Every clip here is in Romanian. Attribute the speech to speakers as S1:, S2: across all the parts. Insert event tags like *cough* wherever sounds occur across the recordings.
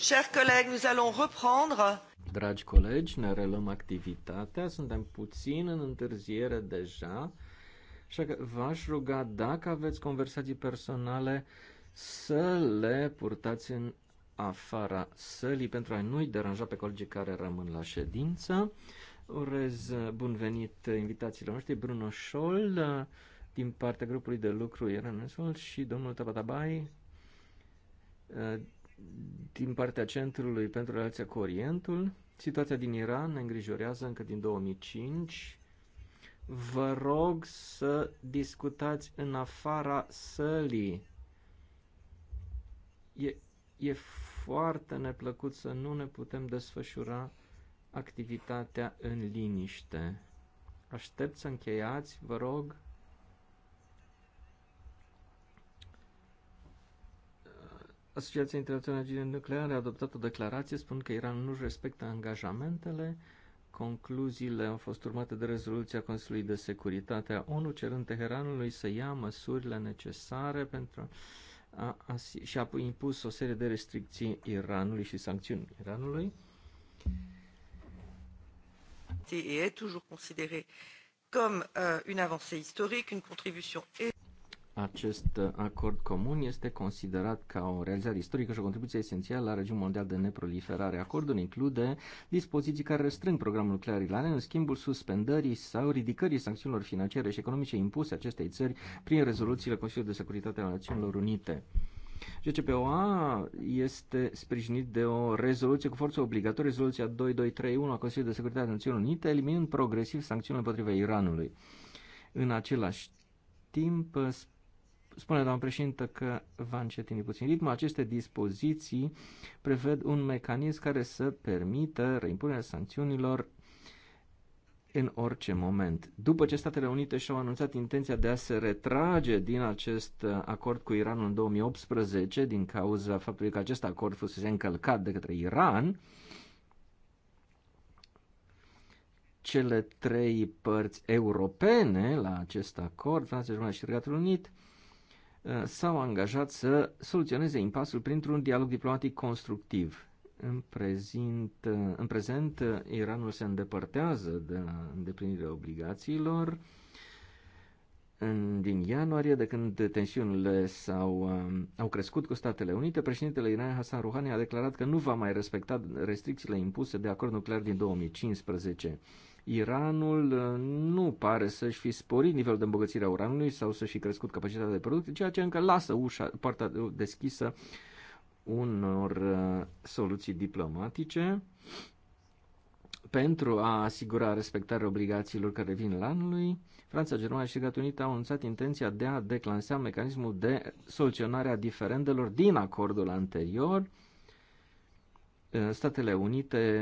S1: Chers collègues, nous allons reprendre. Dragi colegi, ne reluăm activitatea, suntem puțin în întârziere deja, așa că v-aș ruga, dacă aveți conversații personale, să le purtați în afara sălii pentru a nu-i deranja pe colegii care rămân la ședință. Urez bun venit invitațiilor noștri, Bruno Scholl, din partea grupului de lucru Ierenesul și domnul Tabatabai, din partea Centrului pentru Relația cu Orientul. Situația din Iran ne îngrijorează încă din 2005. Vă rog să discutați în afara sălii. E, e foarte neplăcut să nu ne putem desfășura activitatea în liniște. Aștept să încheiați, vă rog. Asociația Internațională de Energie Nucleară a adoptat o declarație spun că Iran nu respectă angajamentele. Concluziile au fost urmate de rezoluția Consiliului de Securitate a ONU cerând Teheranului să ia măsurile necesare pentru a, a, și a impus o serie de restricții Iranului și sancțiuni Iranului. Et
S2: est toujours considéré comme euh, une avancée historique, une contribution
S1: acest uh, acord comun este considerat ca o realizare istorică și o contribuție esențială la regimul mondial de neproliferare. Acordul include dispoziții care restrâng programul nuclear iranian în schimbul suspendării sau ridicării sancțiunilor financiare și economice impuse acestei țări prin rezoluțiile Consiliului de Securitate al Națiunilor Unite. GCPOA este sprijinit de o rezoluție cu forță obligatorie, rezoluția 2231 a Consiliului de Securitate al Națiunilor Unite, eliminând progresiv sancțiunile împotriva Iranului. În același timp, Spune doamna președintă că va încetini puțin ritmul. Aceste dispoziții preved un mecanism care să permită reimpunerea sancțiunilor în orice moment. După ce Statele Unite și-au anunțat intenția de a se retrage din acest acord cu Iranul în 2018, din cauza faptului că acest acord fusese încălcat de către Iran, cele trei părți europene la acest acord, Franța, Germania și Regatul Unit, Uh, s-au angajat să soluționeze impasul printr-un dialog diplomatic constructiv. În, prezent, uh, în prezent, uh, Iranul se îndepărtează de îndeplinirea obligațiilor. În, din ianuarie, de când tensiunile s-au, au crescut cu Statele Unite, președintele Iran Hassan Rouhani a declarat că nu va mai respecta restricțiile impuse de acord nuclear din 2015. Iranul uh, nu pare să-și fi sporit nivelul de îmbogățire a uranului sau să-și fi crescut capacitatea de producție, ceea ce încă lasă ușa, partea deschisă unor uh, soluții diplomatice pentru a asigura respectarea obligațiilor care vin la anului, Franța, Germania și Statele Unite au anunțat intenția de a declansa mecanismul de soluționare a diferendelor din acordul anterior. Uh, Statele Unite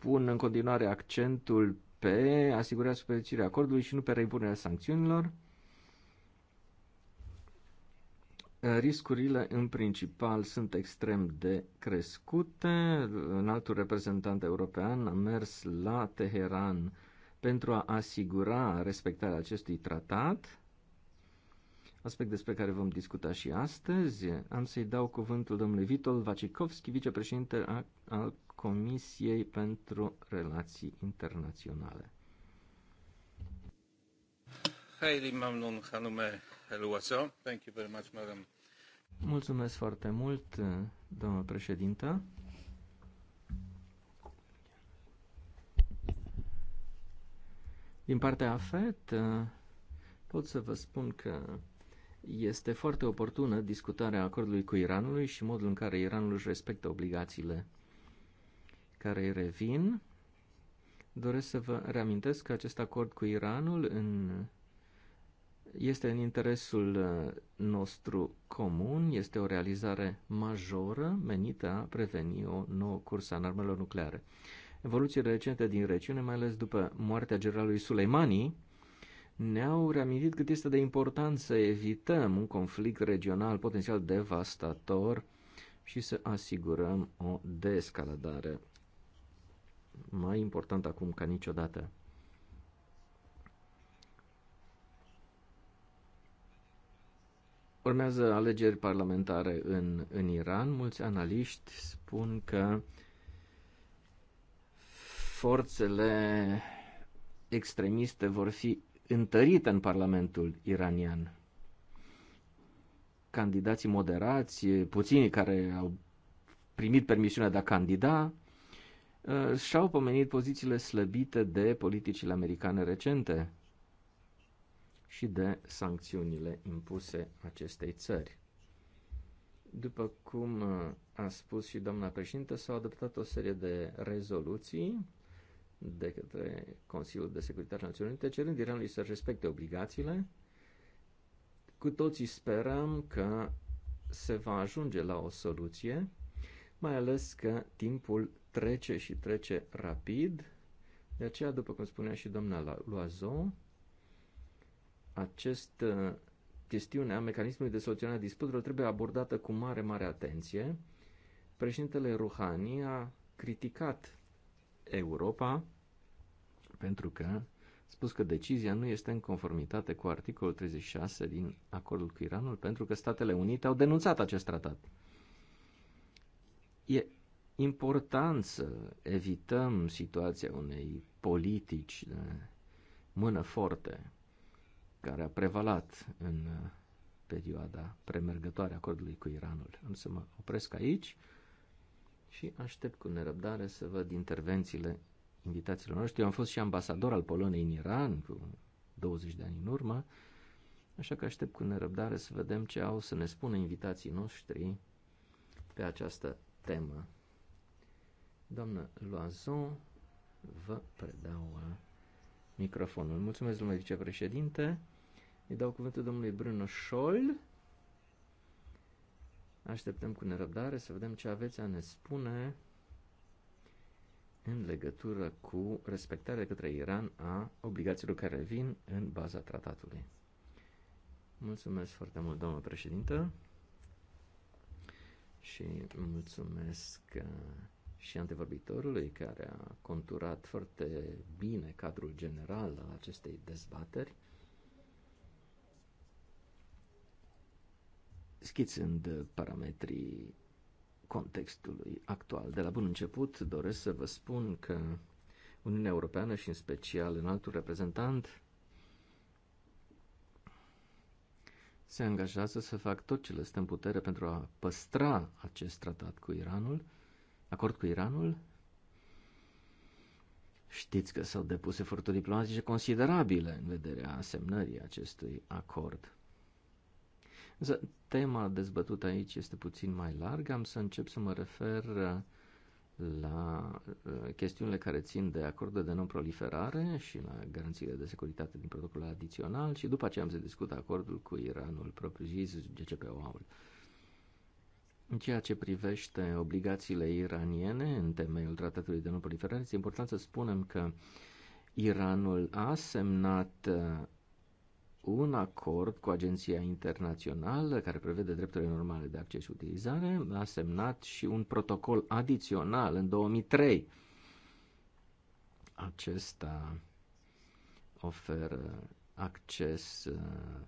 S1: pun în continuare accentul pe asigurarea supraviețuirii acordului și nu pe reimpunerea sancțiunilor. Riscurile în principal sunt extrem de crescute. În altul reprezentant european a mers la Teheran pentru a asigura respectarea acestui tratat, aspect despre care vom discuta și astăzi. Am să-i dau cuvântul domnului Vitol Vacikovski, vicepreședinte al Comisiei pentru Relații Internaționale. Mamnun Hanume Eluaso. Thank you very much, madam. Mulțumesc foarte mult, doamnă președintă. Din partea AFET, pot să vă spun că este foarte oportună discutarea acordului cu Iranului și modul în care Iranul își respectă obligațiile care îi revin. Doresc să vă reamintesc că acest acord cu Iranul în, este în interesul uh, nostru comun, este o realizare majoră menită a preveni o nouă cursă a armelor nucleare. Evoluțiile recente din regiune, mai ales după moartea generalului Suleimani, ne-au reamintit cât este de important să evităm un conflict regional potențial devastator și să asigurăm o descaladare mai important acum ca niciodată. Urmează alegeri parlamentare în, în Iran. Mulți analiști spun că forțele extremiste vor fi întărite în Parlamentul iranian. Candidații moderați, puțini care au primit permisiunea de a candida, Uh, și-au pomenit pozițiile slăbite de politicile americane recente și de sancțiunile impuse acestei țări. După cum uh, a spus și doamna președinte, s-au adoptat o serie de rezoluții de către Consiliul de Securitate Națională Unite, cerând Iranului să respecte obligațiile. Cu toții sperăm că se va ajunge la o soluție, mai ales că timpul trece și trece rapid. De aceea, după cum spunea și doamna Loazon, acest uh, chestiune a mecanismului de soluționare a disputelor trebuie abordată cu mare, mare atenție. Președintele Rouhani a criticat Europa pentru că a spus că decizia nu este în conformitate cu articolul 36 din acordul cu Iranul pentru că Statele Unite au denunțat acest tratat. E important să evităm situația unei politici de mână forte care a prevalat în uh, perioada premergătoare a acordului cu Iranul. Am să mă opresc aici și aștept cu nerăbdare să văd intervențiile invitațiilor noștri. Eu am fost și ambasador al Poloniei în Iran cu 20 de ani în urmă, așa că aștept cu nerăbdare să vedem ce au să ne spună invitații noștri pe această temă. Doamnă Loazon, vă predau uh, microfonul. Mulțumesc, domnule vicepreședinte. Îi dau cuvântul domnului Bruno Scholl. Așteptăm cu nerăbdare să vedem ce aveți a ne spune în legătură cu respectarea către Iran a obligațiilor care vin în baza tratatului. Mulțumesc foarte mult, domnul președinte, și mulțumesc uh, și antevorbitorului care a conturat foarte bine cadrul general al acestei dezbateri, schițând parametrii contextului actual. De la bun început doresc să vă spun că Uniunea Europeană și în special în altul reprezentant se angajează să fac tot ce le stă în putere pentru a păstra acest tratat cu Iranul, acord cu Iranul? Știți că s-au depus eforturi diplomatice considerabile în vederea asemnării acestui acord. Însă tema dezbătută aici este puțin mai largă. Am să încep să mă refer uh, la uh, chestiunile care țin de acordul de non-proliferare și la garanțiile de securitate din protocolul adițional și după aceea am să discut acordul cu Iranul propriu-zis, gcpo ul Uh, în ceea ce privește obligațiile iraniene în temeiul Tratatului de Non-Proliferare, este important să spunem că Iranul a semnat uh, un acord cu Agenția Internațională care prevede drepturile normale de acces și utilizare, a semnat și un protocol adițional în 2003. Acesta oferă acces uh,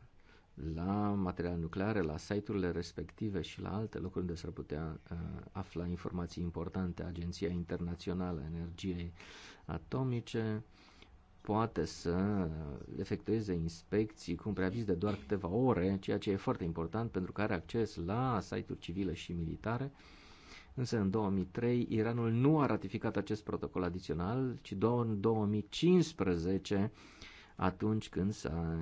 S1: la materiale nucleare, la site-urile respective și la alte locuri unde s-ar putea uh, afla informații importante. Agenția Internațională a Energiei Atomice poate să efectueze inspecții cu un preaviz de doar câteva ore, ceea ce e foarte important pentru că are acces la site-uri civile și militare. Însă în 2003 Iranul nu a ratificat acest protocol adițional, ci doar în 2015 atunci când s-a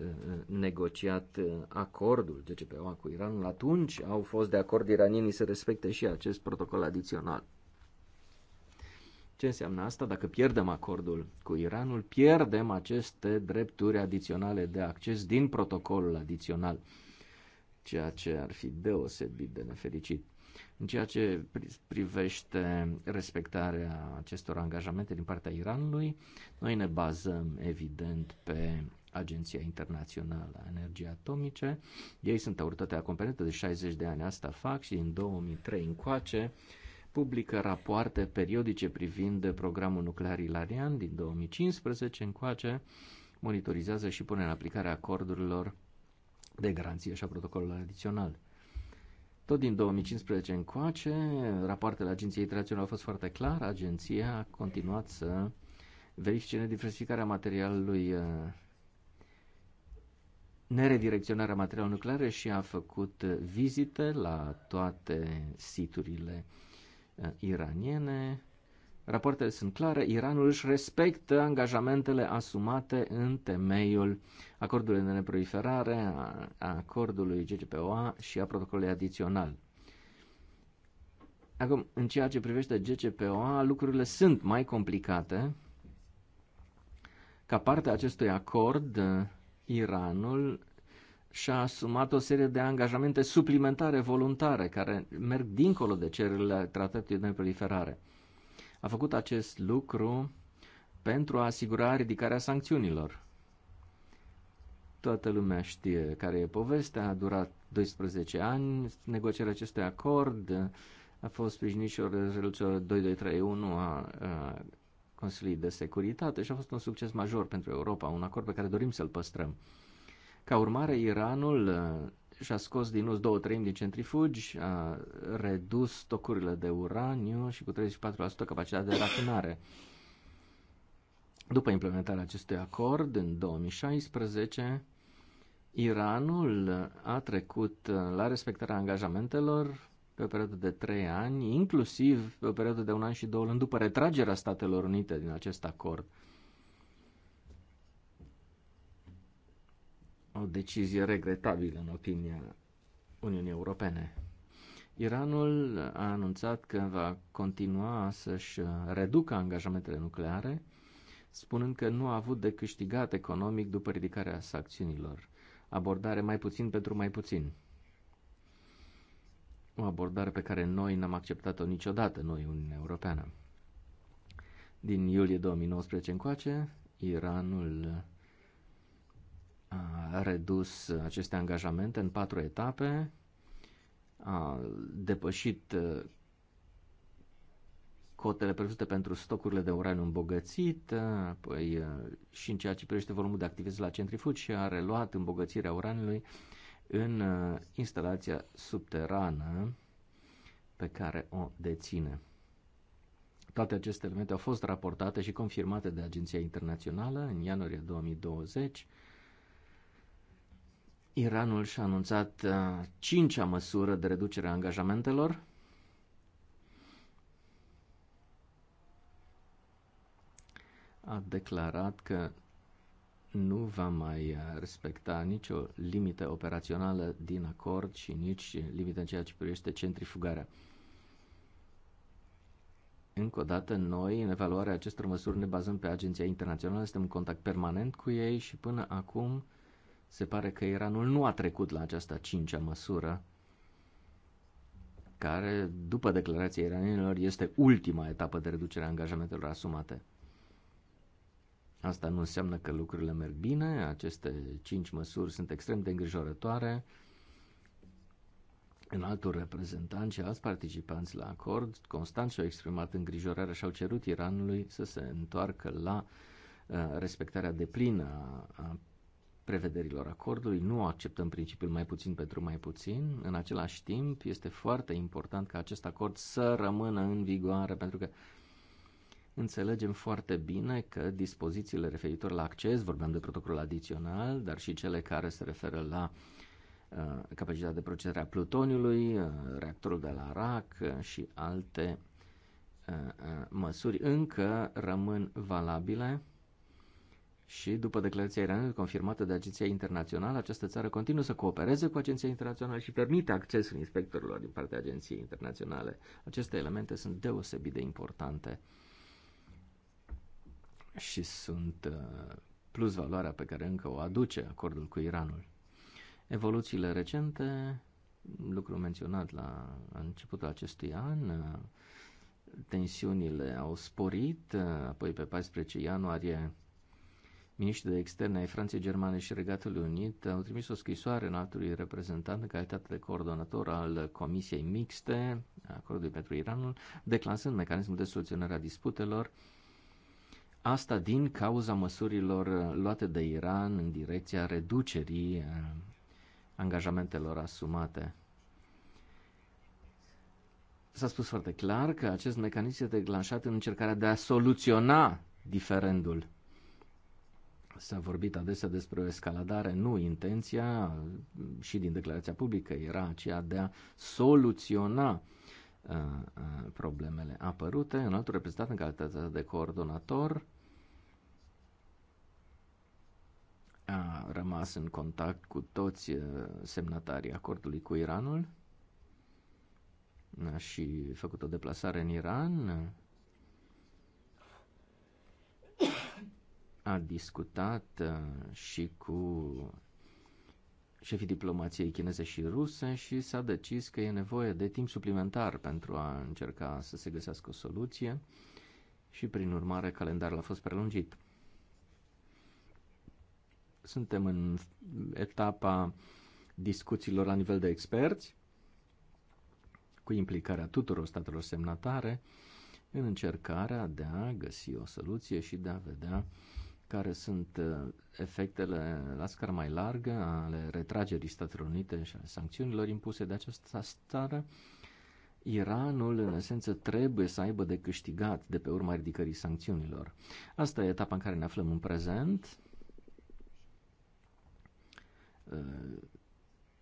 S1: uh, uh, negociat uh, acordul GCPOA cu Iranul, atunci au fost de acord iranienii să respecte și acest protocol adițional. Ce înseamnă asta? Dacă pierdem acordul cu Iranul, pierdem aceste drepturi adiționale de acces din protocolul adițional, ceea ce ar fi deosebit de nefericit. În ceea ce privește respectarea acestor angajamente din partea Iranului, noi ne bazăm evident pe Agenția Internațională a Energiei Atomice. Ei sunt autoritatea competentă de 60 de ani, asta fac și în 2003 încoace publică rapoarte periodice privind programul nuclear ilarian din 2015 încoace, monitorizează și pune în aplicare acordurilor de garanție și a protocolului adițional. Tot din 2015 încoace, rapoartele Agenției Internaționale au fost foarte clare. Agenția a continuat să verifice nediversificarea materialului, uh, neredirecționarea materialului nuclear și a făcut uh, vizite la toate siturile uh, iraniene, Rapoartele sunt clare, Iranul își respectă angajamentele asumate în temeiul acordului de neproliferare, a acordului GCPOA și a protocolului adițional. Acum, în ceea ce privește GCPOA, lucrurile sunt mai complicate. Ca parte a acestui acord, Iranul și-a asumat o serie de angajamente suplimentare voluntare care merg dincolo de cererile tratatului de neproliferare a făcut acest lucru pentru a asigura ridicarea sancțiunilor. Toată lumea știe care e povestea, a durat 12 ani negocierea acestui acord, a fost sprijinit și o rezoluție 2231 a, a Consiliului de Securitate și a fost un succes major pentru Europa, un acord pe care dorim să-l păstrăm. Ca urmare, Iranul și-a scos din us două treimi din centrifugi, a redus stocurile de uraniu și cu 34% capacitatea de rafinare. După implementarea acestui acord, în 2016, Iranul a trecut la respectarea angajamentelor pe o perioadă de trei ani, inclusiv pe o perioadă de un an și două luni după retragerea Statelor Unite din acest acord. o decizie regretabilă în opinia Uniunii Europene. Iranul a anunțat că va continua să-și reducă angajamentele nucleare, spunând că nu a avut de câștigat economic după ridicarea sancțiunilor. Abordare mai puțin pentru mai puțin. O abordare pe care noi n-am acceptat-o niciodată, noi, Uniunea Europeană. Din iulie 2019 încoace, Iranul a redus aceste angajamente în patru etape, a depășit uh, cotele prevăzute pentru stocurile de uraniu îmbogățit, uh, apoi uh, și în ceea ce privește volumul de activități la centrifugi și a reluat îmbogățirea uraniului în instalația subterană pe care o deține. Toate aceste elemente au fost raportate și confirmate de Agenția Internațională în ianuarie 2020 Iranul și-a anunțat uh, cincea măsură de reducere a angajamentelor. A declarat că nu va mai uh, respecta nicio limită operațională din acord și nici limită în ceea ce privește centrifugarea. Încă o dată, noi, în evaluarea acestor măsuri, ne bazăm pe Agenția Internațională, suntem în contact permanent cu ei și până acum se pare că Iranul nu a trecut la această cincea măsură, care, după declarația iranienilor, este ultima etapă de reducere a angajamentelor asumate. Asta nu înseamnă că lucrurile merg bine, aceste cinci măsuri sunt extrem de îngrijorătoare. În altul reprezentant și alți participanți la acord, constant și-au exprimat îngrijorarea și au cerut Iranului să se întoarcă la uh, respectarea deplină a prevederilor acordului, nu acceptăm principiul mai puțin pentru mai puțin. În același timp, este foarte important ca acest acord să rămână în vigoare, pentru că înțelegem foarte bine că dispozițiile referitoare la acces, vorbeam de protocolul adițional, dar și cele care se referă la uh, capacitatea de procesare a plutoniului, uh, reactorul de la RAC uh, și alte măsuri încă rămân valabile și după declarația iraniană confirmată de Agenția Internațională, această țară continuă să coopereze cu Agenția Internațională și permite accesul inspectorilor din partea Agenției Internaționale. Aceste elemente sunt deosebit de importante și sunt uh, plus valoarea pe care încă o aduce acordul cu Iranul. Evoluțiile recente, lucru menționat la începutul acestui an, uh, tensiunile au sporit, uh, apoi pe 14 ianuarie Miniștrii de externe ai Franței, Germane și Regatului Unit au trimis o scrisoare în altului reprezentant în calitate de coordonator al Comisiei Mixte, acordului pentru Iranul, declansând mecanismul de soluționare a disputelor, asta din cauza măsurilor luate de Iran în direcția reducerii eh, angajamentelor asumate. S-a spus foarte clar că acest mecanism este declanșat în încercarea de a soluționa diferendul S-a vorbit adesea despre o escaladare, nu intenția, și din declarația publică era aceea de a soluționa uh, uh, problemele apărute. În altul reprezentant în calitate de coordonator a rămas în contact cu toți uh, semnatarii acordului cu Iranul și făcut o deplasare în Iran a discutat uh, și cu șefii diplomației chineze și ruse și s-a decis că e nevoie de timp suplimentar pentru a încerca să se găsească o soluție și prin urmare calendarul a fost prelungit. Suntem în etapa discuțiilor la nivel de experți cu implicarea tuturor statelor semnatare în încercarea de a găsi o soluție și de a vedea care sunt uh, efectele la scară mai largă ale retragerii Statelor Unite și ale sancțiunilor impuse de această stară, Iranul, în esență, trebuie să aibă de câștigat de pe urma ridicării sancțiunilor. Asta e etapa în care ne aflăm în prezent. Uh,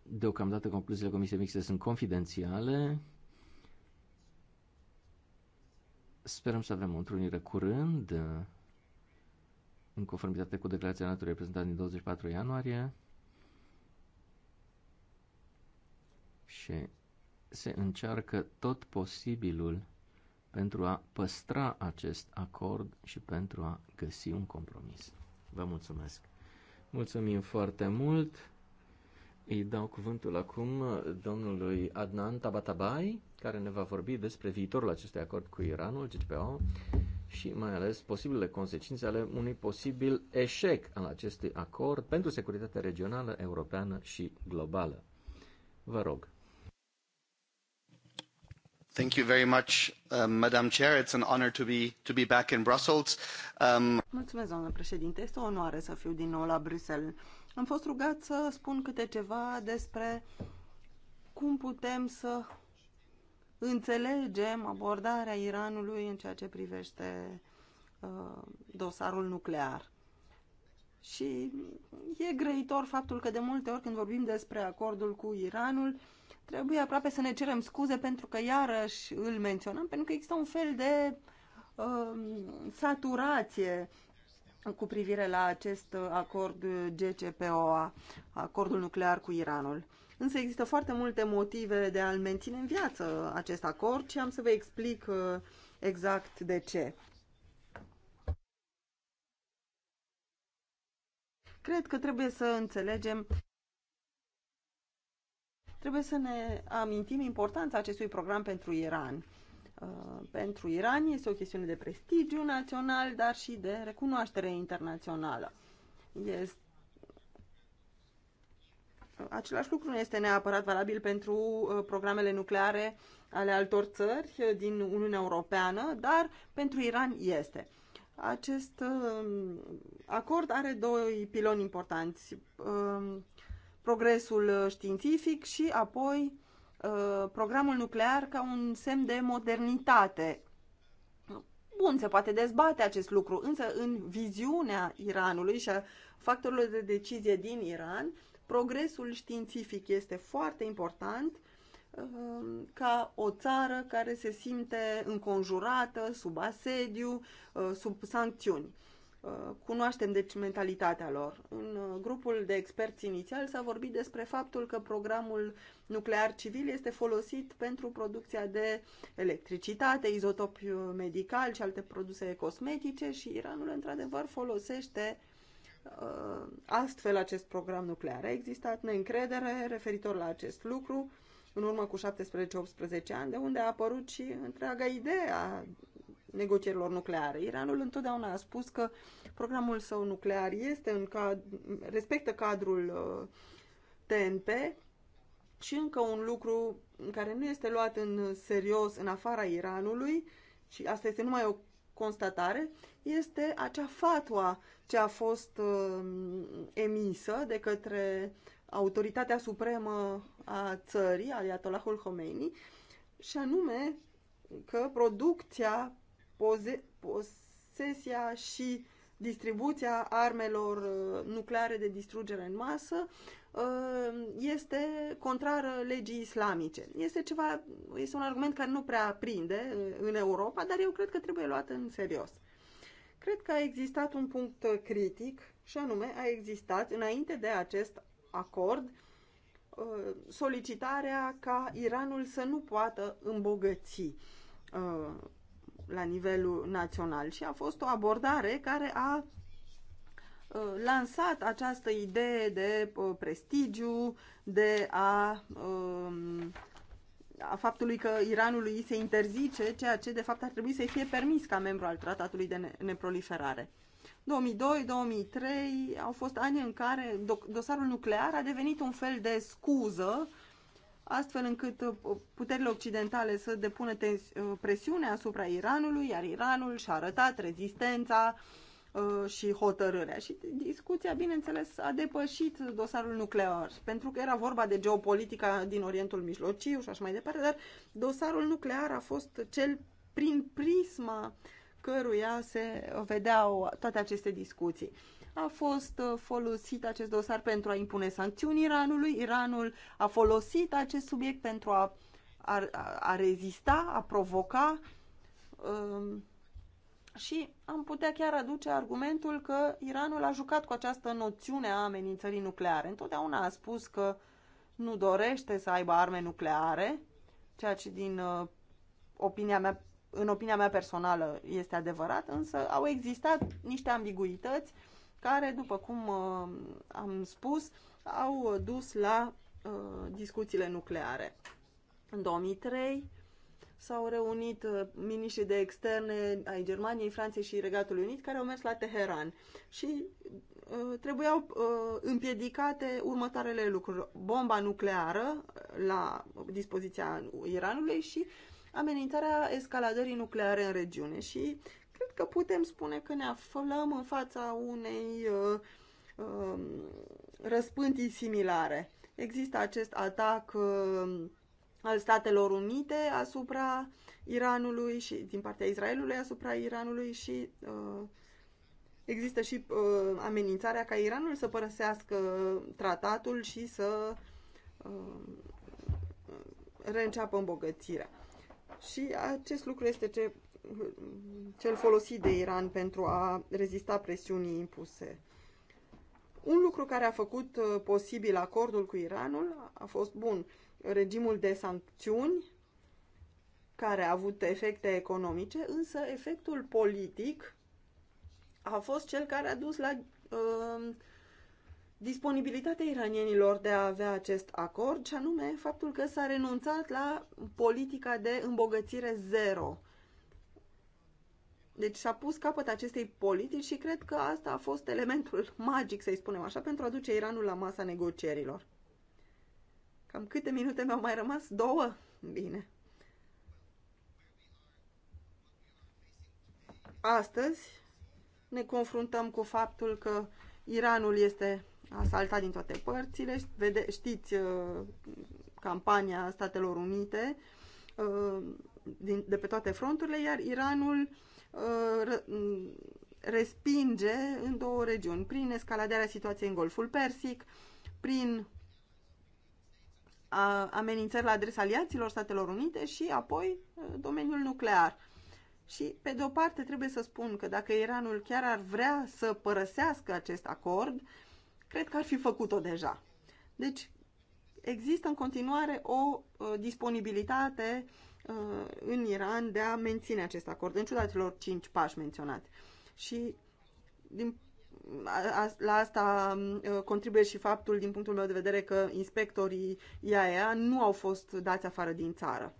S1: deocamdată concluziile Comisiei Mixte sunt confidențiale. Sperăm să avem o întrunire curând uh, în conformitate cu declarația naturii reprezentată din 24 ianuarie și se încearcă tot posibilul pentru a păstra acest acord și pentru a găsi un compromis. Vă mulțumesc! Mulțumim foarte mult! Îi dau cuvântul acum domnului Adnan Tabatabai, care ne va vorbi despre viitorul acestui acord cu Iranul, GPO, și mai ales posibilele consecințe ale unui posibil eșec al acestui acord pentru securitatea regională, europeană și globală. Vă rog. Thank you very much, uh, Madam Chair. It's an honor to be, to be back in Brussels. Um...
S2: Mulțumesc, doamnă președinte. Este o onoare să fiu din nou la Bruxelles. Am fost rugat să spun câte ceva despre cum putem să înțelegem abordarea Iranului în ceea ce privește uh, dosarul nuclear. Și e grăitor faptul că de multe ori când vorbim despre acordul cu Iranul, trebuie aproape să ne cerem scuze pentru că iarăși îl menționăm, pentru că există un fel de uh, saturație cu privire la acest acord GCPOA, acordul nuclear cu Iranul. Însă există foarte multe motive de a-l menține în viață acest acord și am să vă explic uh, exact de ce. Cred că trebuie să înțelegem trebuie să ne amintim importanța acestui program pentru Iran. Uh, pentru Iran este o chestiune de prestigiu național, dar și de recunoaștere internațională. Este Același lucru nu este neapărat valabil pentru uh, programele nucleare ale altor țări uh, din Uniunea Europeană, dar pentru Iran este. Acest um, acord are doi piloni importanți. Um, progresul uh, științific și apoi programul nuclear ca un semn de modernitate. Bun, se poate dezbate acest lucru, însă în viziunea Iranului și a factorilor de decizie din Iran, Progresul științific este foarte important uh, ca o țară care se simte înconjurată, sub asediu, uh, sub sancțiuni. Uh, cunoaștem deci mentalitatea lor. În grupul de experți inițial s-a vorbit despre faptul că programul nuclear civil este folosit pentru producția de electricitate, izotopi medical și alte produse cosmetice și Iranul într-adevăr folosește uh, Uh, astfel acest program nuclear. A existat neîncredere referitor la acest lucru în urmă cu 17-18 ani, de unde a apărut și întreaga idee a negocierilor nucleare. Iranul întotdeauna a spus că programul său nuclear este în cad- respectă cadrul uh, TNP și încă un lucru care nu este luat în serios în afara Iranului, și asta este numai o constatare, este acea fatwa ce a fost um, emisă de către autoritatea supremă a țării, Ayatollahul Khomeini, și anume că producția, poze, posesia și distribuția armelor uh, nucleare de distrugere în masă uh, este contrară legii islamice. Este ceva, este un argument care nu prea prinde uh, în Europa, dar eu cred că trebuie luat în serios. Cred că a existat un punct critic și anume a existat înainte de acest acord uh, solicitarea ca Iranul să nu poată îmbogăți uh, la nivelul național și a fost o abordare care a uh, lansat această idee de prestigiu, de a um, a faptului că Iranului se interzice ceea ce de fapt ar trebui să-i fie permis ca membru al tratatului de neproliferare. 2002-2003 au fost ani în care dosarul nuclear a devenit un fel de scuză astfel încât uh, puterile occidentale să depună uh, presiune asupra Iranului, iar Iranul și-a arătat rezistența, uh, Uh, și hotărârea. Și discuția, bineînțeles, a depășit dosarul nuclear, pentru că era vorba de geopolitica din Orientul Mijlociu și așa mai departe, dar dosarul nuclear a fost cel prin prisma căruia se vedeau toate aceste discuții. A fost uh, folosit acest dosar pentru a impune sancțiuni Iranului, Iranul a folosit acest subiect pentru a, a, a rezista, a provoca. Um, și am putea chiar aduce argumentul că Iranul a jucat cu această noțiune a amenințării nucleare. Întotdeauna a spus că nu dorește să aibă arme nucleare, ceea ce din uh, opinia mea, în opinia mea personală este adevărat, însă au existat niște ambiguități care, după cum uh, am spus, au dus la uh, discuțiile nucleare. În 2003 s-au reunit uh, miniștrii de externe ai Germaniei, Franței și Regatului Unit, care au mers la Teheran. Și uh, trebuiau uh, împiedicate următoarele lucruri. Bomba nucleară uh, la dispoziția Iranului și amenințarea escaladării nucleare în regiune. Și cred că putem spune că ne aflăm în fața unei uh, uh, răspântii similare. Există acest atac uh, al Statelor Unite asupra Iranului și din partea Israelului asupra Iranului și uh, există și uh, amenințarea ca Iranul să părăsească tratatul și să uh, reînceapă îmbogățirea. Și acest lucru este ce, cel folosit de Iran pentru a rezista presiunii impuse. Un lucru care a făcut uh, posibil acordul cu Iranul a fost bun regimul de sancțiuni care a avut efecte economice, însă efectul politic a fost cel care a dus la uh, disponibilitatea iranienilor de a avea acest acord, și anume faptul că s-a renunțat la politica de îmbogățire zero. Deci s-a pus capăt acestei politici și cred că asta a fost elementul *laughs* magic, să-i spunem așa, pentru a duce Iranul la masa negocierilor. Cam câte minute mi-au mai rămas? Două? Bine. Astăzi ne confruntăm cu faptul că Iranul este asaltat din toate părțile. Vede, știți uh, campania Statelor Unite uh, de pe toate fronturile, iar Iranul uh, respinge în două regiuni, prin escaladarea situației în Golful Persic, prin amenințări la adresa aliaților Statelor Unite și apoi domeniul nuclear. Și, pe de o parte, trebuie să spun că dacă Iranul chiar ar vrea să părăsească acest acord, cred că ar fi făcut-o deja. Deci, există în continuare o disponibilitate în Iran de a menține acest acord, în ciuda celor cinci pași menționați. Și din la asta uh, contribuie și faptul, din punctul meu de vedere, că inspectorii IAEA nu au fost dați afară din țară.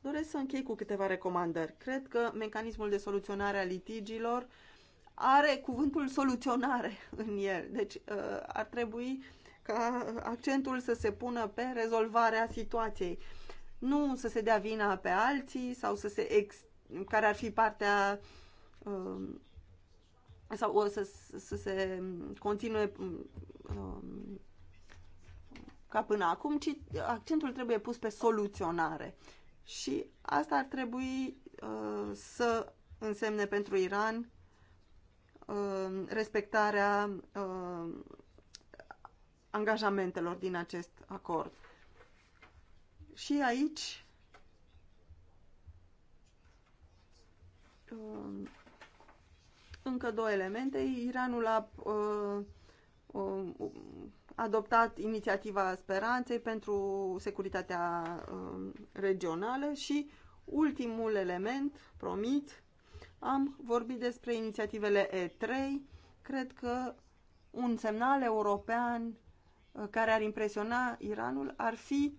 S2: Doresc să închei cu câteva recomandări. Cred că mecanismul de soluționare a litigilor are cuvântul soluționare *laughs* în el. Deci uh, ar trebui ca accentul să se pună pe rezolvarea situației. Nu să se dea vina pe alții sau să se ex- care ar fi partea um, sau o să, să se continue um, ca până acum, ci accentul trebuie pus pe soluționare. Și asta ar trebui uh, să însemne pentru Iran uh, respectarea uh, angajamentelor din acest acord. Și aici uh, încă două elemente. Iranul a uh, uh, adoptat inițiativa Speranței pentru securitatea uh, regională și ultimul element, promit, am vorbit despre inițiativele E3. Cred că un semnal european uh, care ar impresiona Iranul ar fi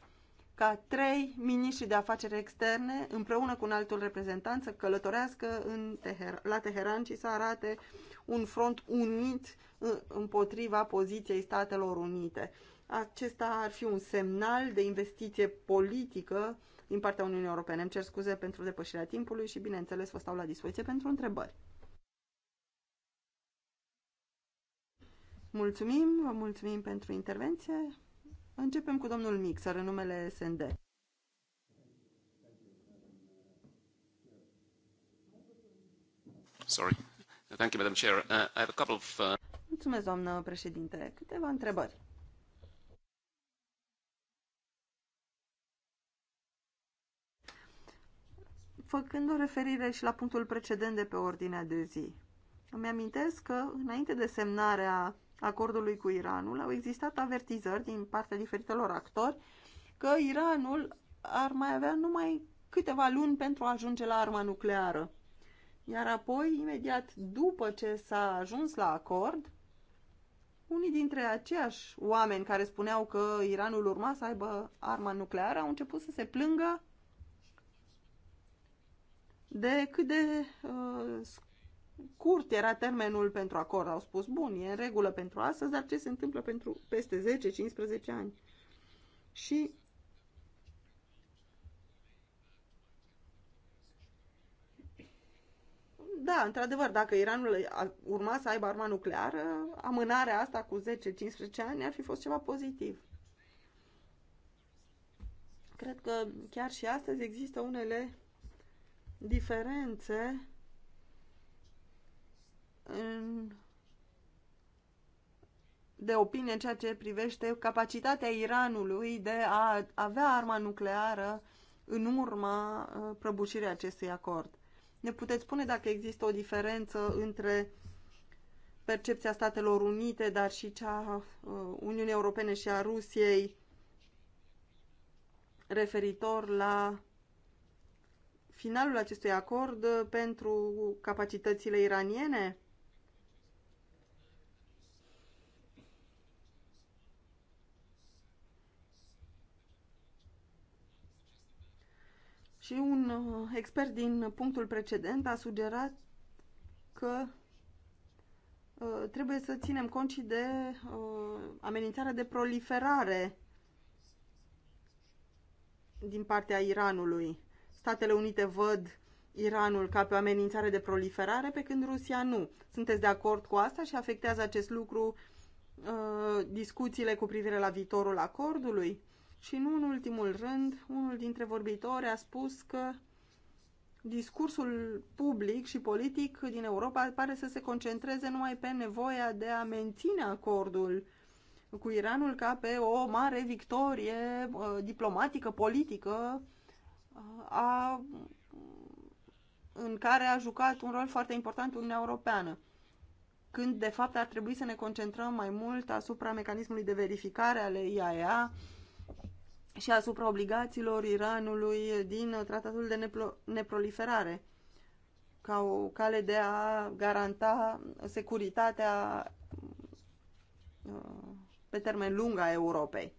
S2: ca trei miniștri de afaceri externe, împreună cu un altul reprezentant, să călătorească în Teher- la Teheran și să arate un front unit uh, împotriva poziției Statelor Unite. Acesta ar fi un semnal de investiție politică din partea Uniunii Europene. Îmi cer scuze pentru depășirea timpului și, bineînțeles, vă stau la dispoziție pentru întrebări. Mulțumim, vă mulțumim pentru intervenție. Începem cu domnul Mixer în numele SND.
S1: Sorry. Thank you, Madam Chair. Uh, I have a couple of... Uh...
S2: Mulțumesc, doamnă președinte. Câteva întrebări. Făcând o referire și la punctul precedent de pe ordinea de zi, îmi amintesc că, înainte de semnarea acordului cu Iranul, au existat avertizări din partea diferitelor actori că Iranul ar mai avea numai câteva luni pentru a ajunge la arma nucleară. Iar apoi, imediat după ce s-a ajuns la acord, unii dintre aceiași oameni care spuneau că Iranul urma să aibă arma nucleară au început să se plângă de cât de uh, Curt era termenul pentru acord. Au spus, bun, e în regulă pentru astăzi, dar ce se întâmplă pentru peste 10-15 ani? Și da, într-adevăr, dacă Iranul urma să aibă arma nucleară, amânarea asta cu 10-15 ani ar fi fost ceva pozitiv. Cred că chiar și astăzi există unele diferențe în de opinie în ceea ce privește capacitatea Iranului de a avea arma nucleară în urma uh, prăbușirii acestui acord. Ne puteți spune dacă există o diferență între percepția Statelor Unite, dar și cea uh, Uniunii Europene și a Rusiei referitor la finalul acestui acord uh, pentru capacitățile iraniene? Și un uh, expert din punctul precedent a sugerat că uh, trebuie să ținem cont și de uh, amenințarea de proliferare din partea Iranului. Statele Unite văd Iranul ca pe o amenințare de proliferare, pe când Rusia nu. Sunteți de acord cu asta și afectează acest lucru uh, discuțiile cu privire la viitorul acordului? Și nu în ultimul rând, unul dintre vorbitori a spus că discursul public și politic din Europa pare să se concentreze numai pe nevoia de a menține acordul cu Iranul ca pe o mare victorie uh, diplomatică, politică, uh, a, în care a jucat un rol foarte important Uniunea Europeană. Când, de fapt, ar trebui să ne concentrăm mai mult asupra mecanismului de verificare ale IAEA, și asupra obligațiilor Iranului din tratatul de neproliferare ca o cale de a garanta securitatea uh, pe termen lung a Europei.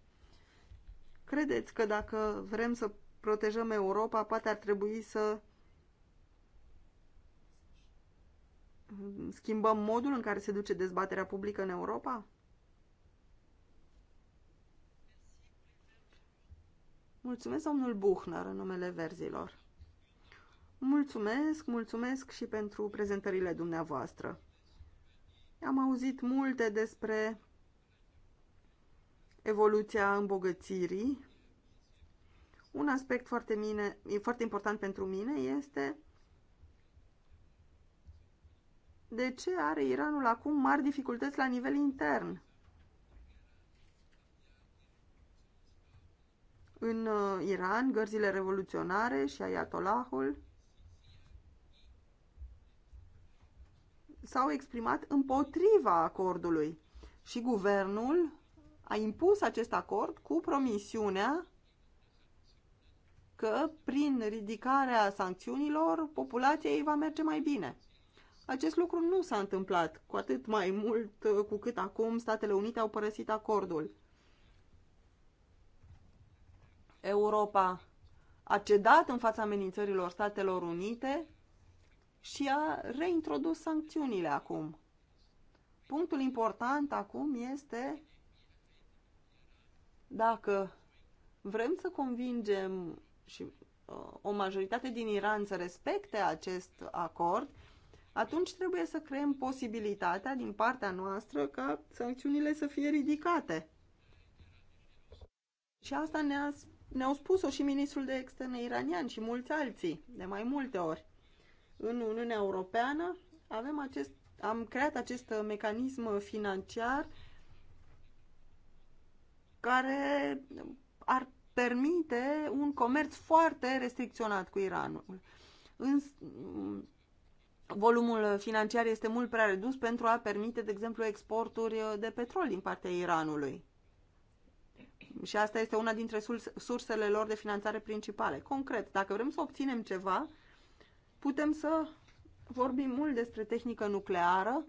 S2: Credeți că dacă vrem să protejăm Europa, poate ar trebui să uh, schimbăm modul în care se duce dezbaterea publică în Europa? Mulțumesc, domnul Buchner, în numele verzilor. Mulțumesc, mulțumesc și pentru prezentările dumneavoastră. Am auzit multe despre evoluția îmbogățirii. Un aspect foarte, mine, foarte important pentru mine este de ce are Iranul acum mari dificultăți la nivel intern. În uh, Iran, gărzile revoluționare și Ayatollahul s-au exprimat împotriva acordului și guvernul a impus acest acord cu promisiunea că prin ridicarea sancțiunilor populației va merge mai bine. Acest lucru nu s-a întâmplat, cu atât mai mult uh, cu cât acum Statele Unite au părăsit acordul. Europa a cedat în fața amenințărilor Statelor Unite și a reintrodus sancțiunile acum. Punctul important acum este dacă vrem să convingem și uh, o majoritate din Iran să respecte acest acord, atunci trebuie să creăm posibilitatea din partea noastră ca sancțiunile să fie ridicate. Și asta ne-a ne-au spus-o și ministrul de externe iranian și mulți alții, de mai multe ori. În Uniunea Europeană avem acest, am creat acest mecanism financiar care ar permite un comerț foarte restricționat cu Iranul. În, volumul financiar este mult prea redus pentru a permite, de exemplu, exporturi de petrol din partea Iranului și asta este una dintre sursele lor de finanțare principale. Concret, dacă vrem să obținem ceva, putem să vorbim mult despre tehnică nucleară,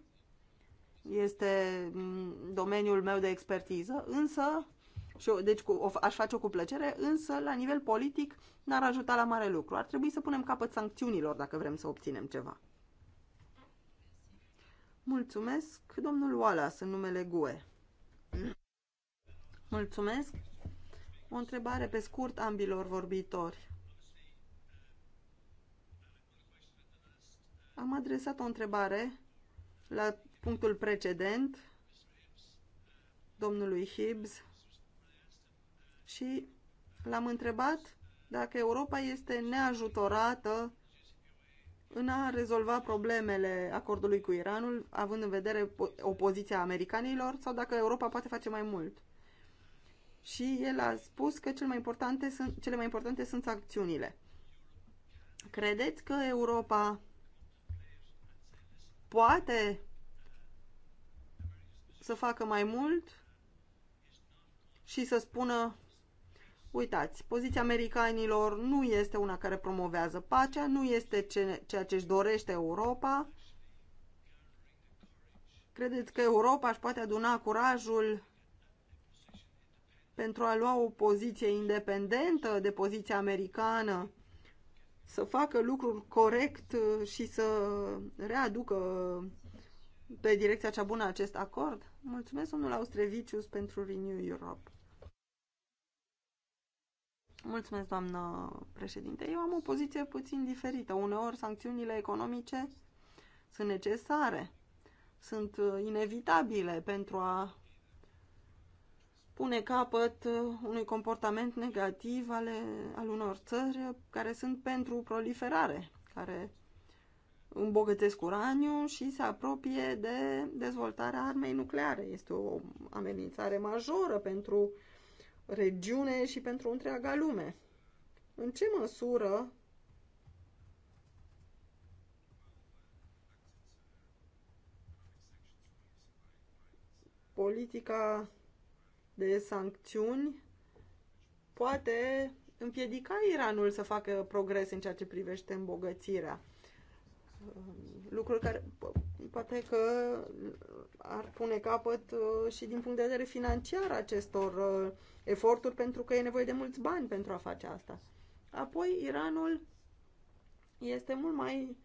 S2: este mm, domeniul meu de expertiză, însă, și eu, deci cu, o, aș face-o cu plăcere, însă la nivel politic n-ar ajuta la mare lucru. Ar trebui să punem capăt sancțiunilor dacă vrem să obținem ceva. Mulțumesc, domnul Wallace, în numele GUE. Mulțumesc. O întrebare pe scurt ambilor vorbitori. Am adresat o întrebare la punctul precedent domnului Hibbs și l-am întrebat dacă Europa este neajutorată în a rezolva problemele acordului cu Iranul, având în vedere opoziția americanilor, sau dacă Europa poate face mai mult și el a spus că cel mai importante sunt, cele mai importante sunt acțiunile. Credeți că Europa poate să facă mai mult și să spună uitați, poziția americanilor nu este una care promovează pacea, nu este ce, ceea ce își dorește Europa. Credeți că Europa își poate aduna curajul pentru a lua o poziție independentă de poziția americană, să facă lucrul corect uh, și să readucă pe direcția cea bună acest acord? Mulțumesc, domnul Austrevicius, pentru Renew Europe. Mulțumesc, doamnă președinte. Eu am o poziție puțin diferită. Uneori sancțiunile economice sunt necesare, sunt uh, inevitabile pentru a pune capăt uh, unui comportament negativ ale, al unor țări care sunt pentru proliferare, care îmbogățesc uraniu și se apropie de dezvoltarea armei nucleare. Este o amenințare majoră pentru regiune și pentru întreaga lume. În ce măsură politica de sancțiuni poate împiedica Iranul să facă progres în ceea ce privește îmbogățirea. Um, lucruri care poate că ar pune capăt uh, și din punct de vedere financiar acestor uh, eforturi, pentru că e nevoie de mulți bani pentru a face asta. Apoi, Iranul este mult mai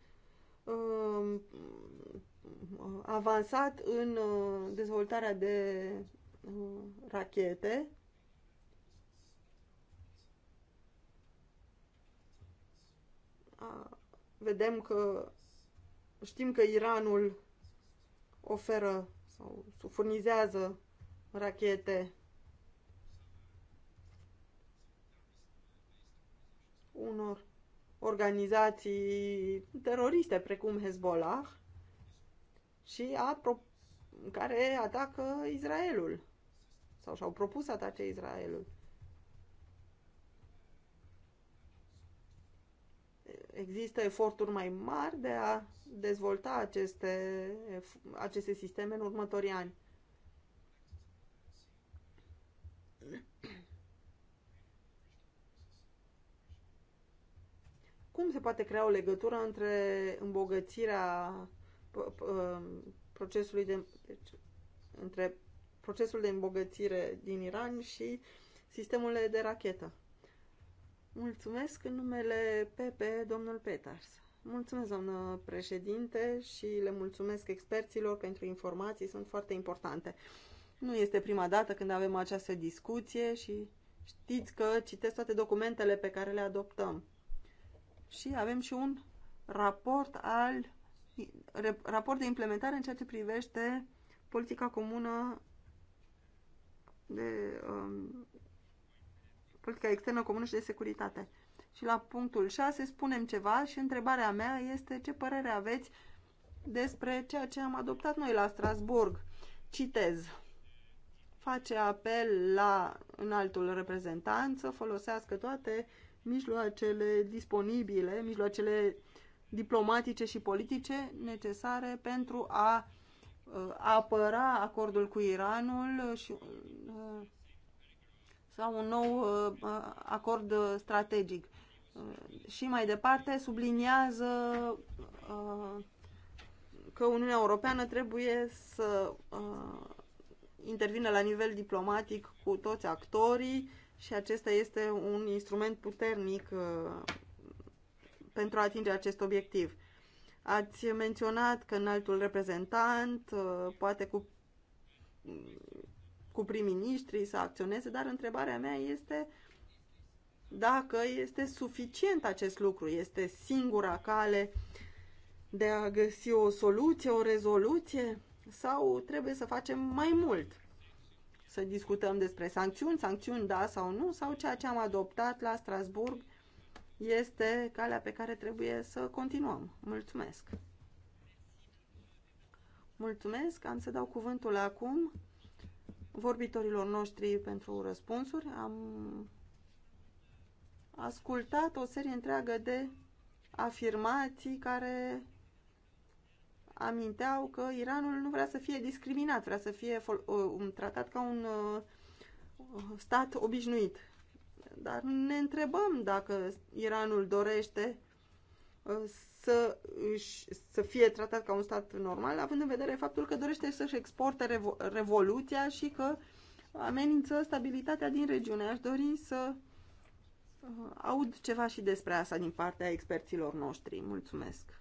S2: um, avansat în uh, dezvoltarea de rachete vedem că știm că Iranul oferă sau furnizează rachete unor organizații teroriste precum Hezbollah și a, care atacă Israelul sau și-au propus să atace Israelul. Există eforturi mai mari de a dezvolta aceste, aceste sisteme în următorii ani. Cum se poate crea o legătură între îmbogățirea um, procesului de. Deci, între procesul de îmbogățire din Iran și sistemurile de rachetă. Mulțumesc în numele PP, domnul Petars. Mulțumesc, doamnă președinte, și le mulțumesc experților pentru informații, sunt foarte importante. Nu este prima dată când avem această discuție și știți că citesc toate documentele pe care le adoptăm. Și avem și un raport al raport de implementare în ceea ce privește politica comună de um, politica externă comună și de securitate. Și la punctul 6 spunem ceva și întrebarea mea este ce părere aveți despre ceea ce am adoptat noi la Strasburg. Citez. Face apel la înaltul reprezentant să folosească toate mijloacele disponibile, mijloacele diplomatice și politice necesare pentru a apăra acordul cu Iranul și uh, sau un nou uh, acord strategic. Uh, și mai departe subliniază că Uniunea Europeană trebuie să intervină la nivel diplomatic cu toți actorii și acesta este un instrument puternic pentru a atinge acest obiectiv. Ați menționat că înaltul reprezentant uh, poate cu, cu prim-ministrii să acționeze, dar întrebarea mea este dacă este suficient acest lucru, este singura cale de a găsi o soluție, o rezoluție sau trebuie să facem mai mult? Să discutăm despre sancțiuni, sancțiuni da sau nu, sau ceea ce am adoptat la Strasburg este calea pe care trebuie să continuăm. Mulțumesc! Mulțumesc! Am să dau cuvântul acum vorbitorilor noștri pentru răspunsuri. Am ascultat o serie întreagă de afirmații care aminteau că Iranul nu vrea să fie discriminat, vrea să fie uh, tratat ca un uh, stat obișnuit. Dar ne întrebăm dacă Iranul dorește uh, să, își, să fie tratat ca un stat normal, având în vedere faptul că dorește să-și exporte revo, revoluția și că amenință stabilitatea din regiune. Aș dori să uh, aud ceva și despre asta din partea experților noștri. Mulțumesc!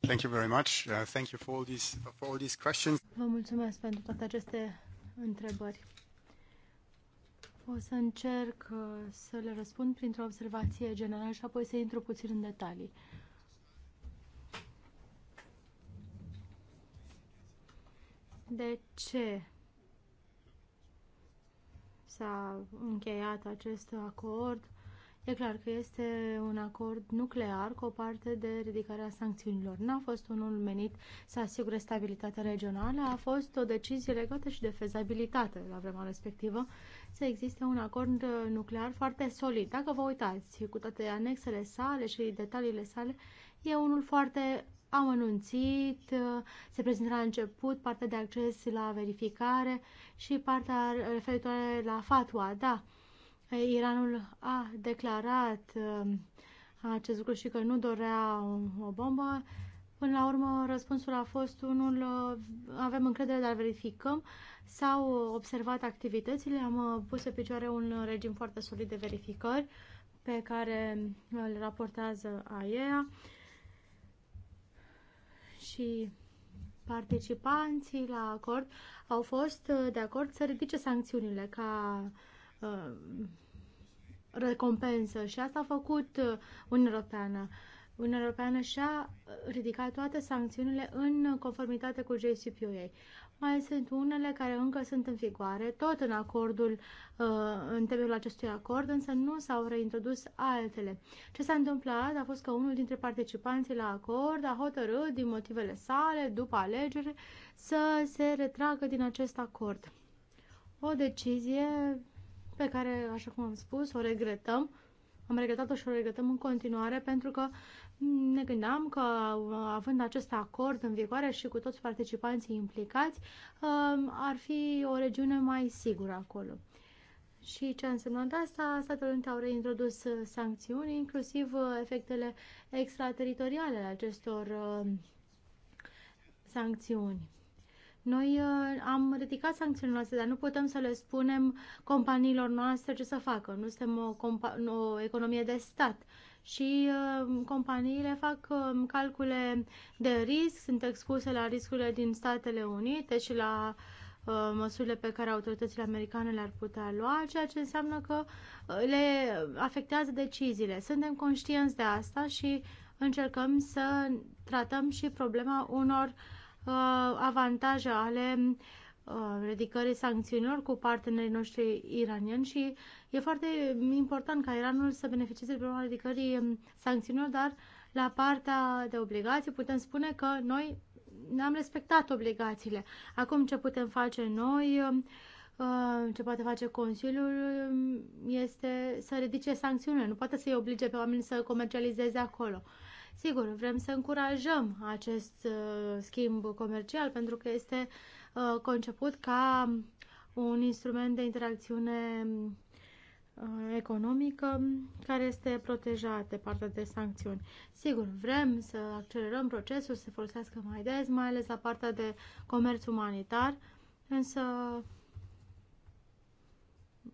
S3: Thank you very much. Uh, thank you for all these for all these questions. Vă mulțumesc pentru toate aceste întrebări. O să încerc uh, să le răspund printr-o observație generală și apoi să intru puțin în detalii. De ce s-a încheiat acest acord E clar că este un acord nuclear cu o parte de ridicarea sancțiunilor. N-a fost unul menit să asigure stabilitatea regională, a fost o decizie legată și de fezabilitate la vremea respectivă să existe un acord nuclear foarte solid. Dacă vă uitați cu toate anexele sale și detaliile sale, e unul foarte amănunțit, se prezintă la început partea de acces la verificare și partea referitoare la fatua, da. Iranul a declarat um, acest lucru și că nu dorea o bombă. Până la urmă, răspunsul a fost unul, uh, avem încredere, dar verificăm. S-au observat activitățile, am uh, pus pe picioare un regim foarte solid de verificări pe care îl raportează AIEA și participanții la acord au fost uh, de acord să ridice sancțiunile ca recompensă și asta a făcut uh, Uniunea Europeană. Uniunea Europeană și-a uh, ridicat toate sancțiunile în conformitate cu JCPOA. Mai sunt unele care încă sunt în vigoare, tot în acordul, uh, în temeiul acestui acord, însă nu s-au reintrodus altele. Ce s-a întâmplat a fost că unul dintre participanții la acord a hotărât, din motivele sale, după alegeri, să se retragă din acest acord. O decizie pe care, așa cum am spus, o regretăm. Am regretat-o și o regretăm în continuare pentru că ne gândeam că, având acest acord în vigoare și cu toți participanții implicați, um, ar fi o regiune mai sigură acolo. Și ce a însemnat asta? Statele Unite au reintrodus sancțiuni, inclusiv uh, efectele extrateritoriale ale acestor um, sancțiuni. Noi uh, am ridicat sancțiunile noastre, dar nu putem să le spunem companiilor noastre ce să facă. Nu suntem o, o economie de stat și uh, companiile fac um, calcule de risc, sunt expuse la riscurile din Statele Unite și la uh, măsurile pe care autoritățile americane le-ar putea lua, ceea ce înseamnă că le afectează deciziile. Suntem conștienți de asta și încercăm să tratăm și problema unor uh, Uh, avantaje ale uh, ridicării sancțiunilor cu partenerii noștri iranieni și e foarte important ca Iranul să beneficieze de problema ridicării um, sancțiunilor, dar la partea de obligații putem spune că noi ne-am respectat obligațiile. Acum ce putem face noi, um, uh, ce poate face Consiliul, um, este să ridice sancțiunile. Nu poate să-i oblige pe oameni să comercializeze acolo. Sigur, vrem să încurajăm acest uh, schimb comercial pentru că este uh, conceput ca un instrument de interacțiune uh, economică care este protejat de partea de sancțiuni. Sigur, vrem să accelerăm procesul, să se folosească mai des, mai ales la partea de comerț umanitar, însă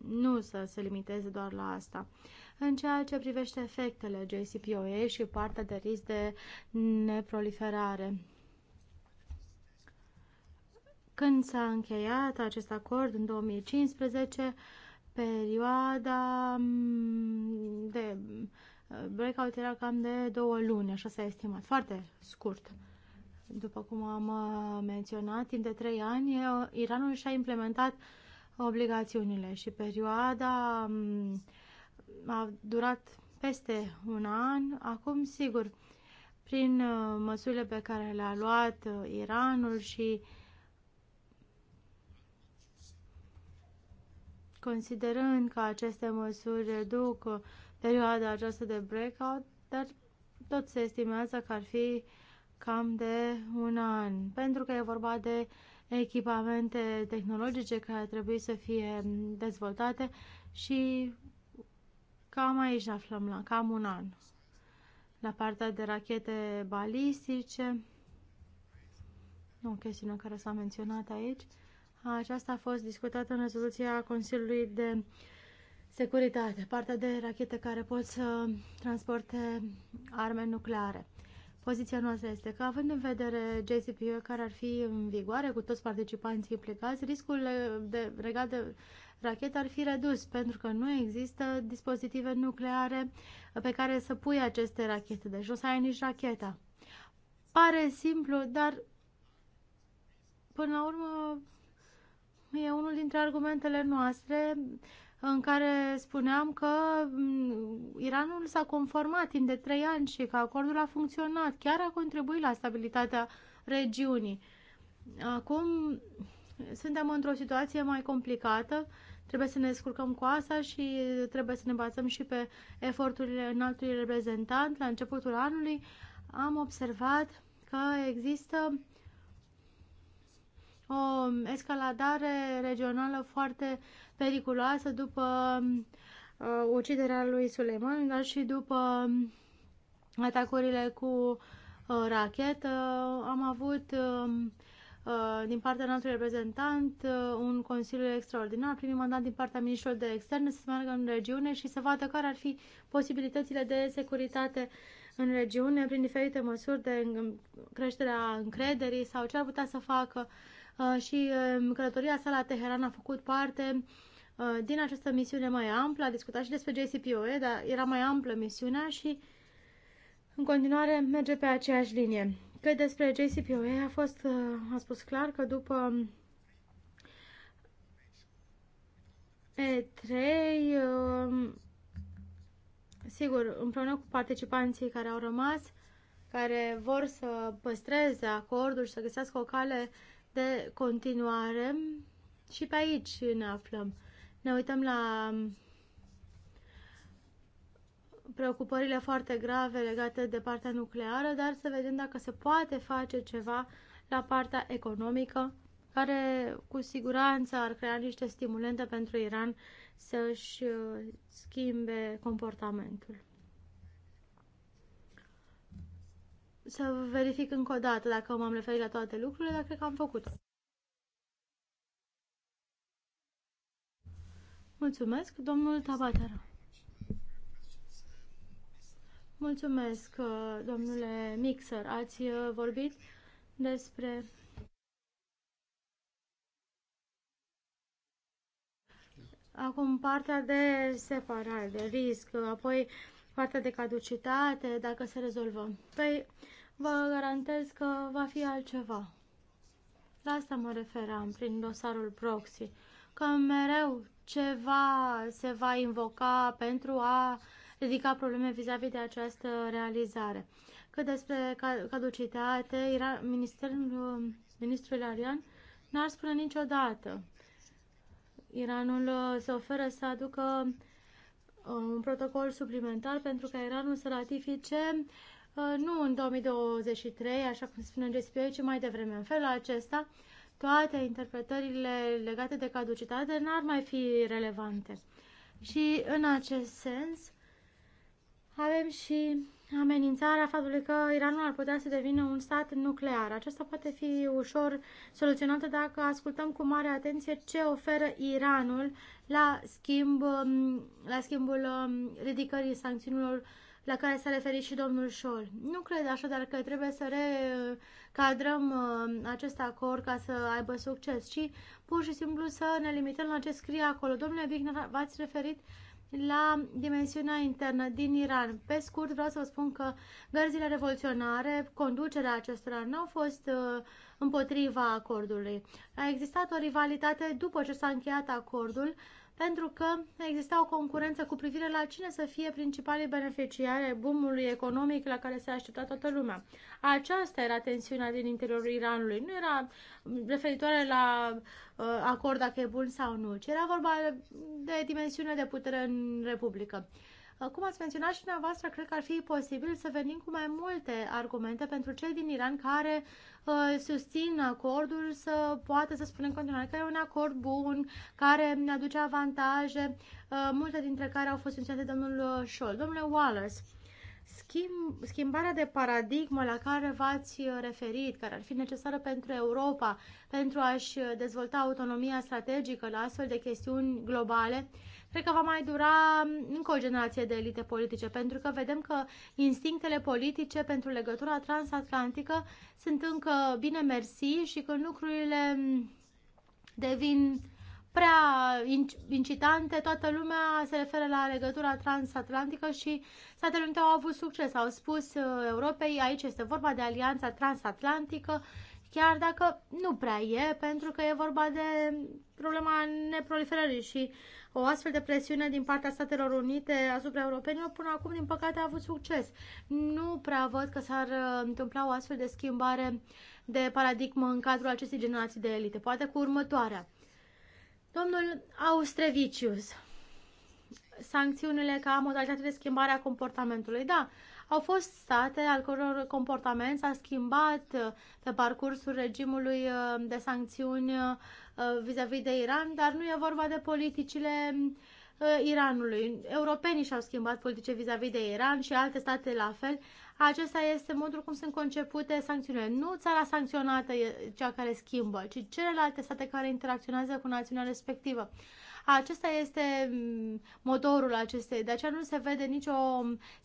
S3: nu să se limiteze doar la asta. În ceea ce privește efectele JCPOA și partea de risc de neproliferare, când s-a încheiat acest acord în 2015, perioada mm, de uh, breakout era cam de două luni, așa s-a estimat, foarte scurt. După cum am uh, menționat, timp de trei ani, uh, Iranul și-a implementat obligațiunile și perioada mm, a durat peste un an. Acum, sigur, prin uh, măsurile pe care le-a luat uh, Iranul și considerând că aceste măsuri reduc uh, perioada aceasta de breakout, dar tot se estimează că ar fi cam de un an, pentru că e vorba de echipamente tehnologice care trebuie să fie dezvoltate și Cam aici ne aflăm la cam un an. La partea de rachete balistice, nu o chestiune care s-a menționat aici, aceasta a fost discutată în rezoluția Consiliului de Securitate, partea de rachete care pot să transporte arme nucleare. Poziția noastră este că, având în vedere JCPOA care ar fi în vigoare cu toți participanții implicați, riscul de, legat de rachetă ar fi redus, pentru că nu există dispozitive nucleare pe care să pui aceste rachete. Deci nu o să ai nici racheta. Pare simplu, dar până la urmă e unul dintre argumentele noastre în care spuneam că mm, Iranul s-a conformat timp de trei ani și că acordul a funcționat, chiar a contribuit la stabilitatea regiunii. Acum suntem într-o situație mai complicată Trebuie să ne descurcăm cu asta și trebuie să ne bazăm și pe eforturile înaltului reprezentant. La începutul anului am observat că există o escaladare regională foarte periculoasă după uh, uciderea lui Suleiman, dar și după atacurile cu uh, rachetă. Am avut uh, Uh, din partea înaltului reprezentant uh, un consiliu extraordinar, primim mandat din partea ministrului de externe să se meargă în regiune și să vadă care ar fi posibilitățile de securitate în regiune prin diferite măsuri de creșterea încrederii sau ce ar putea să facă. Uh, și um, călătoria sa la Teheran a făcut parte din această misiune mai amplă, a discutat și despre JCPOE, dar era mai amplă misiunea și în continuare merge pe aceeași linie că despre JCPOA a fost, uh, a spus clar că după um, E3, um, sigur, împreună cu participanții care au rămas, care vor să păstreze acordul și să găsească o cale de continuare, și pe aici ne aflăm. Ne uităm la um, preocupările foarte grave legate de partea nucleară, dar să vedem dacă se poate face ceva la partea economică, care cu siguranță ar crea niște stimulente pentru Iran să-și uh, schimbe comportamentul. Să verific încă o dată dacă m-am referit la toate lucrurile, dar cred că am făcut-o. Mulțumesc, domnul Tabatara. Mulțumesc, uh, domnule Mixer. Ați uh, vorbit despre acum partea de separare, de risc, apoi partea de caducitate, dacă se rezolvă. Păi vă garantez că va fi altceva. La asta mă referam prin dosarul proxy, că mereu ceva se va invoca pentru a ridica probleme vis-a-vis -vis de această realizare. Cât despre caducitate, era ministerul, ministrul Arian n-ar spune niciodată. Iranul uh, se oferă să aducă uh, un protocol suplimentar pentru ca Iranul să ratifice uh, nu în 2023, așa cum spune în GSPO, ci mai devreme. În felul acesta, toate interpretările legate de caducitate n-ar mai fi relevante. Și în acest sens, avem și amenințarea faptului că Iranul ar putea să devină un stat nuclear. Aceasta poate fi ușor soluționată dacă ascultăm cu mare atenție ce oferă Iranul la, schimb, um, la schimbul um, ridicării sancțiunilor la care s-a referit și domnul Șol. Nu cred așa, dar că trebuie să recadrăm um, acest acord ca să aibă succes, ci pur și simplu să ne limităm la ce scrie acolo. Domnule Vignă, v-ați referit la dimensiunea internă din Iran. Pe scurt, vreau să vă spun că gărzile revoluționare, conducerea acestora, nu au fost uh, împotriva acordului. A existat o rivalitate după ce s-a încheiat acordul uh, pentru că exista o concurență cu privire la cine să fie principalii beneficiari ai boomului economic la care se aștepta toată lumea. Aceasta era tensiunea din interiorul Iranului. Nu era referitoare la uh, acord dacă e bun sau nu, ci era vorba de dimensiune de putere în Republică. Uh, cum ați menționat și dumneavoastră, cred că ar fi posibil să venim cu mai multe argumente pentru cei din Iran care uh, susțin acordul să poată să spunem în continuare că e un acord bun, care ne aduce avantaje, uh, multe dintre care au fost menționate domnul uh, Scholl, domnule Wallace. Schimb, schimbarea de paradigmă la care v-ați uh, referit, care ar fi necesară pentru Europa, pentru a-și dezvolta autonomia strategică la astfel de chestiuni globale, uh, Cred că va mai dura mm, încă o generație de elite politice, pentru că vedem că instinctele politice pentru legătura transatlantică sunt încă bine mersi și că lucrurile mm, devin prea incitante, toată lumea se referă la legătura transatlantică și Statele Unite au avut succes, au spus uh, Europei, aici este vorba de alianța transatlantică, chiar dacă nu prea e, pentru că e vorba de problema neproliferării și o astfel de presiune din partea Statelor Unite asupra europenilor până acum, din păcate, a avut succes. Nu prea văd că s-ar uh, întâmpla o astfel de schimbare de paradigmă în cadrul acestei generații de elite, poate cu următoarea. Domnul Austrevicius, sancțiunile ca modalitate de schimbare a comportamentului. Da, au fost state al căror comportament s-a schimbat pe parcursul regimului uh, de sancțiuni uh, Uh, vis-a-vis -vis de Iran, dar nu e vorba de politicile uh, Iranului. Europenii și-au schimbat politice vis-a-vis -vis de Iran și alte state la fel. Acesta este modul cum sunt concepute sancțiunile. Nu țara sancționată e cea care schimbă, ci celelalte state care interacționează cu națiunea respectivă. Acesta este mm, motorul acestei, de aceea nu se vede nicio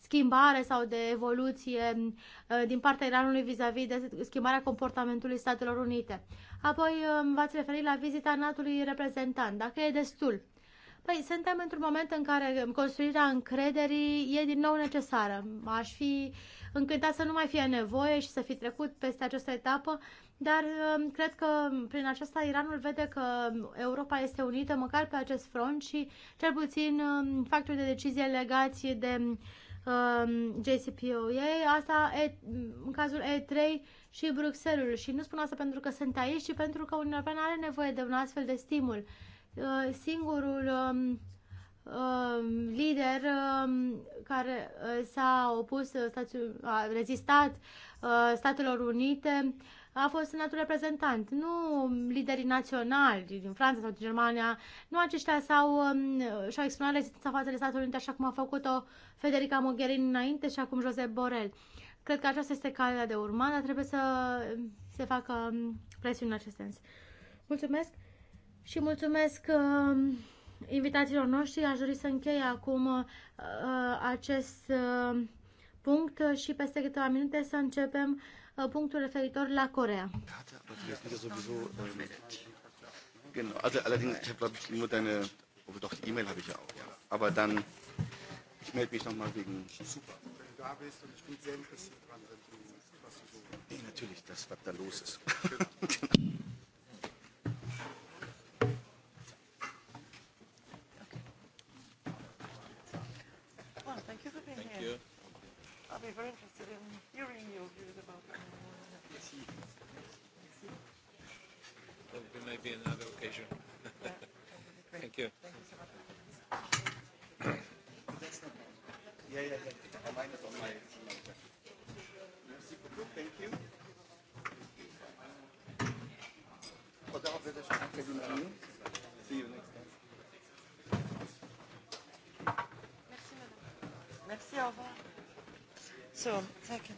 S3: schimbare sau de evoluție mm, uh, din partea Iranului vis-a-vis -vis de schimbarea comportamentului Statelor Unite. Apoi mm, v-ați referit la vizita natului reprezentant, dacă e destul. Păi, suntem într-un moment în care construirea încrederii e din nou necesară. Aș fi încântat să nu mai fie nevoie și să fi trecut peste această etapă, dar um, cred că prin aceasta Iranul vede că Europa este unită măcar pe acest front și cel puțin um, factorii de decizie legați de um, JCPOA, asta e, în cazul E3 și Bruxelles. Și nu spun asta pentru că sunt aici, ci pentru că Uniunea Europeană are nevoie de un astfel de stimul. Uh, singurul um, um, lider um, care uh, s-a opus, uh, a rezistat Statelor Unite a fost semnatul reprezentant, nu liderii naționali din Franța sau din Germania, nu aceștia s-au, um, și-au exprimat rezistența față de Statele Unite așa cum a făcut-o Federica Mogherini înainte și acum Josep Borel. Cred că aceasta este calea de urmat, dar trebuie să um, se facă um, presiuni în acest sens. Mulțumesc și mulțumesc invitațiilor noștri. Aș dori să închei acum uh, uh, acest punct și peste câteva minute să începem Uh, punctul referitor la Corea.
S1: Genau, also allerdings, ich habe, glaube ich, nur deine, oh, doch, die E-Mail habe ich ja auch. Aber dann,
S2: ich melde mich nochmal wegen...
S3: Super, wenn du da bist und ich bin sehr interessiert dran, was du so... Nee,
S1: natürlich, das, was da los ist. Genau. *laughs* Oh, thank you. I'll be very interested in hearing your views about it. Merci. Merci. There will maybe another occasion. yeah, *laughs* Thank you. Thank you so much. Yeah, yeah, yeah. Thank you.
S3: Och you
S2: Merci, madame. Merci, au revoir. So, second.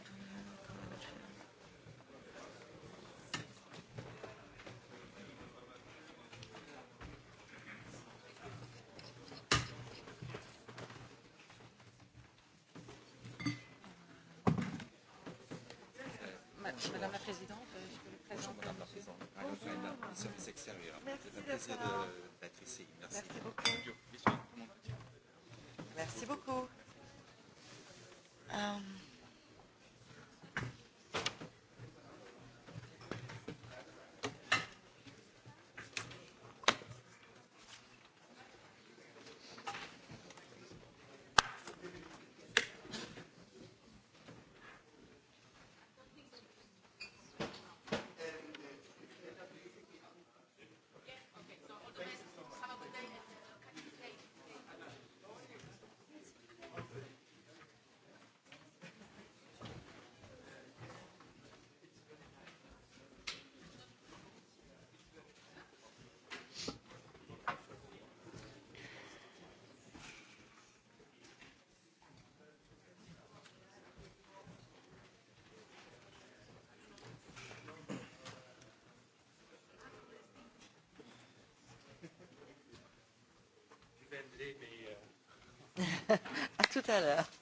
S2: Atâta *laughs*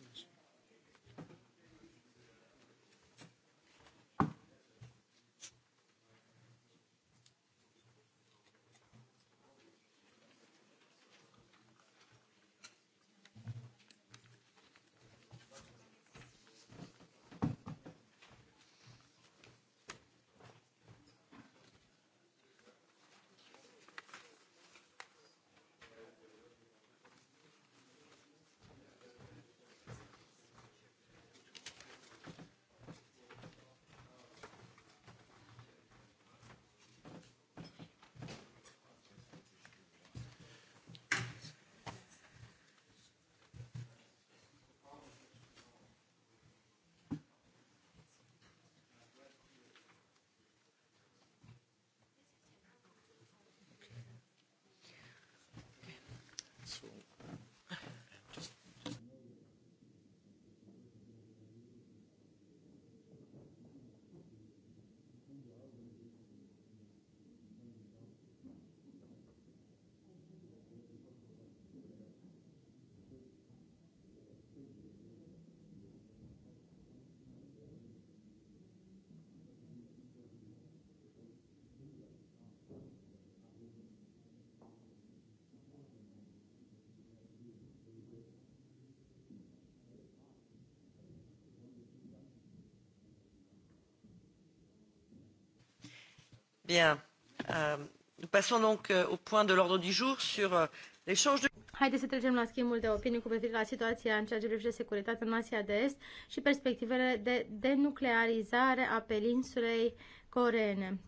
S2: Mulțumesc. Bien. Uh, nous passons donc euh, au point de l'ordre du jour sur euh, l'échange de...
S3: Haideți să trecem la schimbul de opinii cu privire la situația în ceea ce privește securitatea în Asia de Est și perspectivele de denuclearizare a peninsulei coreene.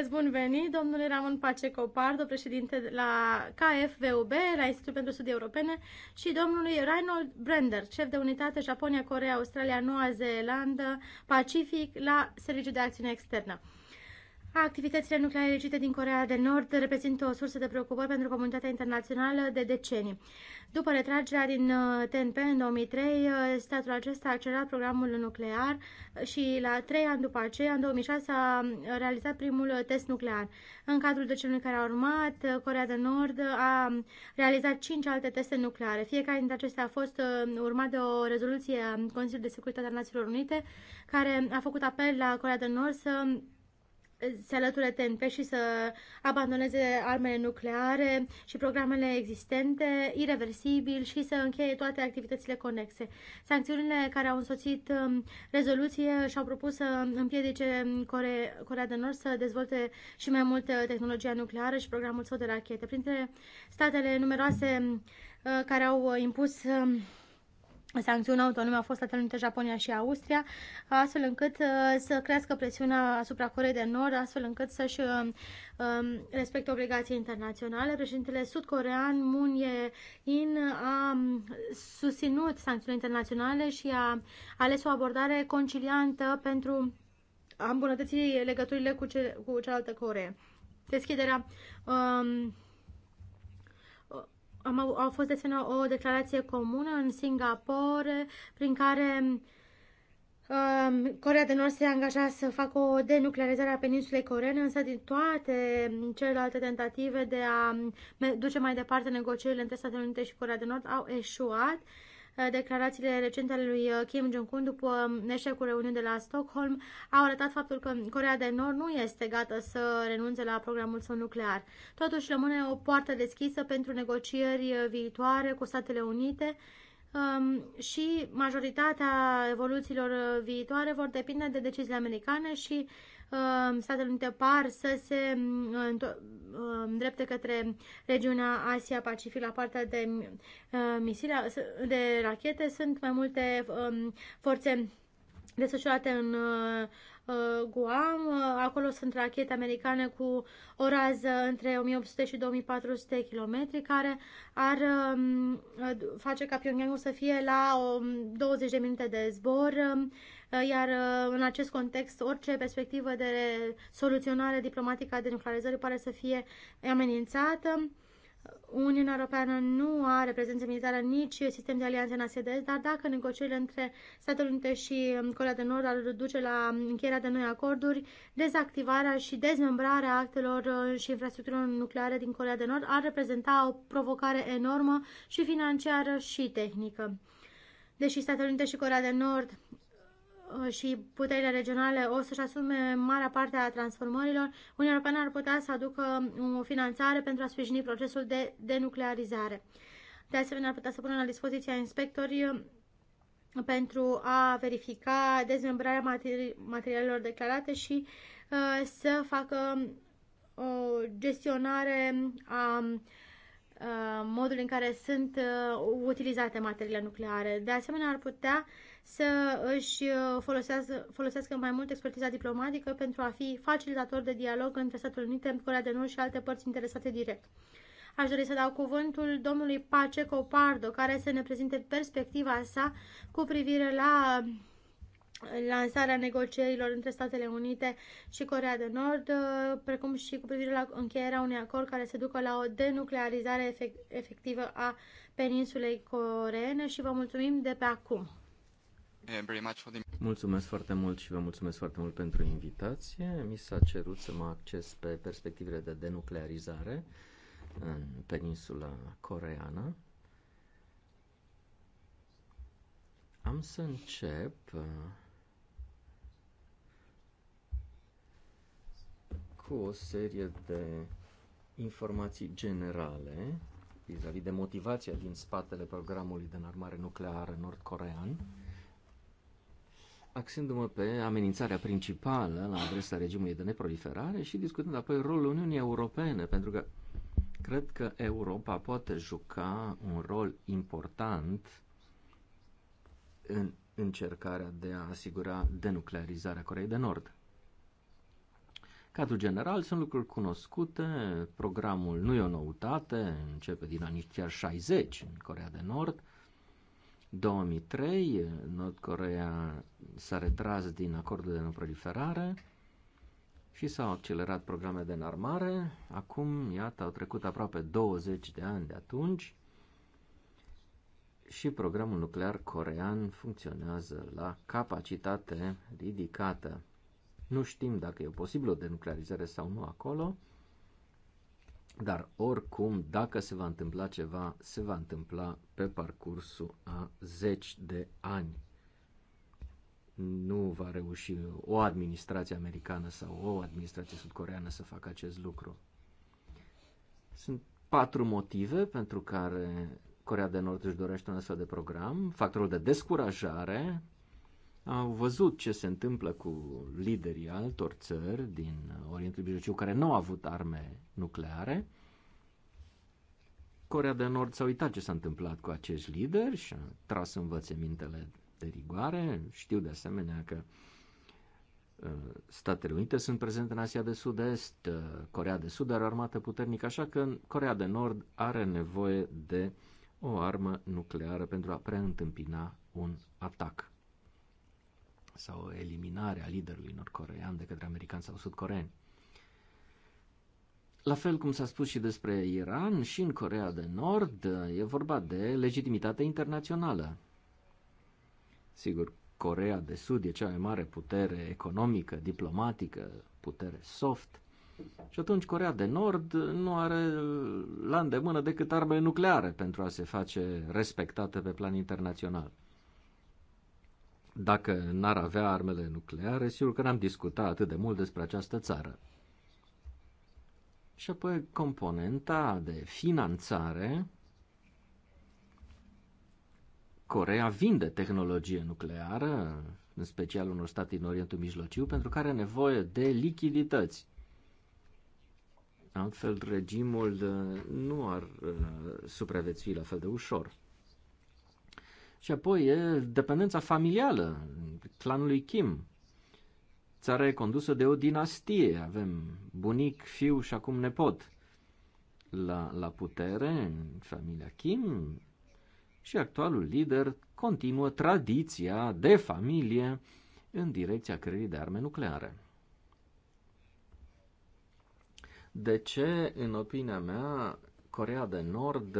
S3: Sunteți bun venit domnule Ramon Paceco Pardo, președinte la KFVUB, la Institutul pentru Studii Europene, și domnului Reinhold Brender, șef de unitate Japonia, Corea, Australia, Noua Zeelandă, Pacific, la Serviciul de Acțiune Externă. Activitățile nucleare ilicite din Corea de Nord reprezintă o sursă de preocupări pentru comunitatea internațională de decenii. După retragerea din uh, TNP în 2003, uh, statul acesta a accelerat programul nuclear și la trei ani după aceea, în 2006, a uh, realizat primul test nuclear. În cadrul deceniului care a urmat, Corea de Nord a um, realizat cinci alte teste nucleare. Fiecare dintre acestea a fost urmat de o rezoluție a Consiliului de Securitate al Națiunilor Unite, care a făcut apel la Corea de Nord să um, se alăture TNP și să abandoneze armele nucleare și programele existente, irreversibil și să încheie toate activitățile conexe. Sancțiunile care au însoțit um, rezoluție și-au propus să împiedice Core Corea de Nord să dezvolte și mai mult uh, tehnologia nucleară și programul său de rachete. Printre statele numeroase uh, care au uh, impus um, sancțiuni autonome au fost Statele Unite, Japonia și Austria, astfel încât uh, să crească presiunea asupra Coreei de Nord, astfel încât să-și uh, um, respecte obligații internaționale. Președintele sudcorean Moon Jae-in a um, susținut sancțiunile internaționale și a ales o abordare conciliantă pentru a îmbunătăți legăturile cu, ce, cu cealaltă Coree. Deschiderea um, am, au fost de o declarație comună în Singapore prin care um, Corea de Nord se angaja să facă o denuclearizare a peninsulei coreene, însă din toate celelalte tentative de a duce mai departe negocierile între Statele Unite și Corea de Nord au eșuat Uh, declarațiile recente ale lui uh, Kim Jong-un după um, eșecul reuniunii de la Stockholm au arătat faptul că Corea de Nord nu este gata să renunțe la programul său nuclear. Totuși rămâne o poartă deschisă pentru negocieri uh, viitoare cu Statele Unite um, și majoritatea evoluțiilor viitoare vor depinde de deciziile americane și Um, Statele Unite par să se um, um, îndrepte către regiunea Asia-Pacific la partea de misile, de rachete. Sunt mai multe forțe desfășurate în uh, uh, Guam. Acolo sunt rachete americane cu o rază între 1800 și 2400 km, care ar face ca Pyongyangul să fie la 20 de minute de zbor Eh, iar eh, în acest context orice perspectivă de soluționare diplomatică a denuclearizării pare să fie amenințată. Uniunea Europeană nu are prezență militară nici sistem de alianțe în ASD, dar dacă negocierile între Statele Unite și mm, Corea de Nord ar duce la mm, încheierea de noi acorduri, dezactivarea și dezmembrarea actelor eh, și infrastructurilor nucleare din Corea de Nord ar reprezenta o provocare enormă și financiară și tehnică. Deși Statele Unite și Corea de Nord Uh, și puterile regionale o să-și asume marea parte a transformărilor, Uniunea Europeană ar putea să aducă o finanțare pentru a sprijini procesul de denuclearizare. De asemenea, ar putea să pună la dispoziția inspectori uh, pentru a verifica dezmembrarea materi materialelor declarate și uh, să facă uh, o gestionare a modul în care sunt utilizate materiile nucleare. De asemenea, ar putea uh, să își uh, folosească, folosească mai mult expertiza diplomatică pentru a fi facilitator de dialog între Statele Unite, Corea de Nord și alte părți interesate direct. Aș dori să dau cuvântul domnului Pace Pardo, care să ne prezinte perspectiva sa cu privire la lansarea negocierilor între Statele Unite și Corea de Nord, uh, precum și cu privire la încheierea unui acord care se ducă la o denuclearizare efectivă a peninsulei coreene și vă mulțumim de pe acum.
S1: Mulțumesc foarte mult și vă mulțumesc foarte mult pentru invitație. Mi s-a cerut să mă acces pe perspectivele de denuclearizare în peninsula coreană. Am să încep uh, cu o serie de informații generale vis-a-vis -vis de motivația din spatele programului de înarmare nucleară nord-corean axându-mă pe amenințarea principală la adresa regimului de neproliferare și discutând apoi rolul Uniunii Europene, pentru că cred că Europa poate juca un rol important în încercarea de a asigura denuclearizarea Coreei de Nord. Cadrul general sunt lucruri cunoscute, programul nu e o noutate, începe din anii chiar 60 în Corea de Nord, 2003, Nord-Corea s-a retras din acordul de non-proliferare și s-au accelerat programele de înarmare. Acum, iată, au trecut aproape 20 de ani de atunci și programul nuclear corean funcționează la capacitate ridicată. Nu știm dacă e posibil o denuclearizare sau nu acolo, dar oricum, dacă se va întâmpla ceva, se va întâmpla pe parcursul a zeci de ani. Nu va reuși o administrație americană sau o administrație sudcoreană să facă acest lucru. Sunt patru motive pentru care Corea de Nord își dorește un astfel de program. Factorul de descurajare, au văzut ce se întâmplă cu liderii altor țări din Orientul Mijlociu care nu au avut arme nucleare. Corea de Nord s-a uitat ce s-a întâmplat cu acești lideri și a tras învățămintele de rigoare. Știu de asemenea că uh, Statele Unite sunt prezente în Asia de Sud-Est, uh, Corea de Sud are o armată puternică, așa că Corea de Nord are nevoie de o armă nucleară pentru a preîntâmpina un atac sau eliminarea liderului nordcorean de către americani sau sudcoreeni. La fel cum s-a spus și despre Iran și în Corea de Nord, e vorba de legitimitatea internațională. Sigur, Corea de Sud e cea mai mare putere economică, diplomatică, putere soft. Și atunci Corea de Nord nu are la îndemână decât arme nucleare pentru a se face respectată pe plan internațional. Dacă n-ar avea armele nucleare, sigur că n-am discutat atât de mult despre această țară. Și apoi componenta de finanțare. Corea vinde tehnologie nucleară, în special unor state din Orientul Mijlociu, pentru care are nevoie de lichidități. Altfel, regimul nu ar uh, supraviețui la fel de ușor. Și apoi e dependența familială, clanului Kim. Țara e condusă de o dinastie, avem bunic, fiu și acum nepot la, la putere în familia Kim și actualul lider continuă tradiția de familie în direcția creării de arme nucleare. De ce, în opinia mea, Corea de Nord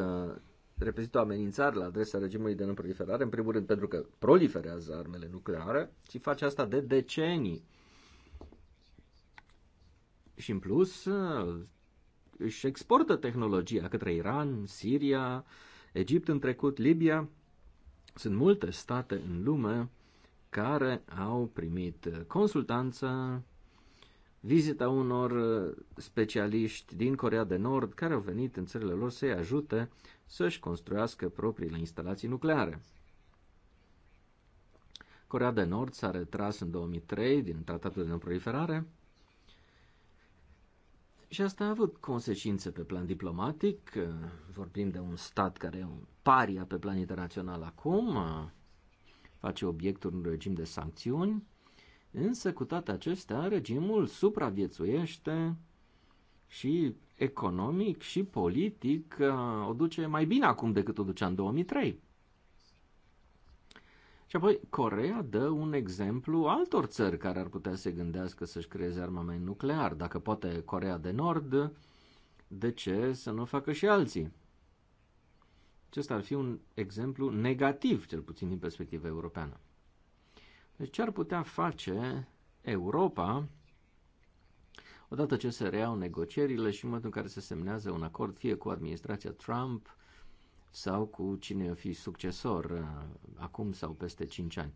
S1: reprezintă o amenințare la adresa regimului de nonproliferare, în primul rând pentru că proliferează armele nucleare și face asta de decenii. Și în plus își exportă tehnologia către Iran, Siria, Egipt în trecut, Libia. Sunt multe state în lume care au primit consultanță, vizita unor specialiști din Corea de Nord care au venit în țările lor să-i ajute să-și construiască propriile instalații nucleare. Corea de Nord s-a retras în 2003 din Tratatul de proliferare și asta a avut consecințe pe plan diplomatic. Vorbim de un stat care e un paria pe plan internațional acum, face obiectul unui regim de sancțiuni, însă cu toate acestea regimul supraviețuiește și economic și politic uh, o duce mai bine acum decât o ducea în 2003. Și apoi Corea dă un exemplu altor țări care ar putea să gândească să-și creeze armament nuclear. Dacă poate Corea de Nord, de ce să nu facă și alții? Acesta ar fi un exemplu negativ, cel puțin din perspectiva europeană. Deci ce ar putea face Europa odată ce se reiau negocierile și în momentul în care se semnează un acord fie cu administrația Trump sau cu cine o fi succesor uh, acum sau peste 5 ani.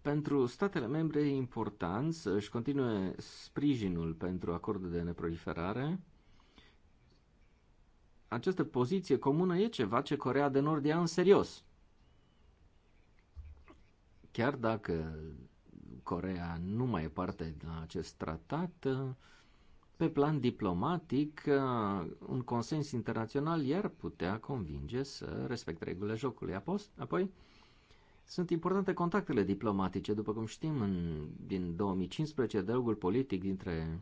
S1: Pentru statele membre e important să își continue sprijinul pentru acordul de neproliferare. Această poziție comună e ceva ce Corea de Nord ia în serios. Chiar dacă Corea nu mai e parte din acest tratat. Pe plan diplomatic, un consens internațional iar putea convinge să respecte regulile jocului. Apoi, sunt importante contactele diplomatice, după cum știm, în, din 2015, dialogul politic dintre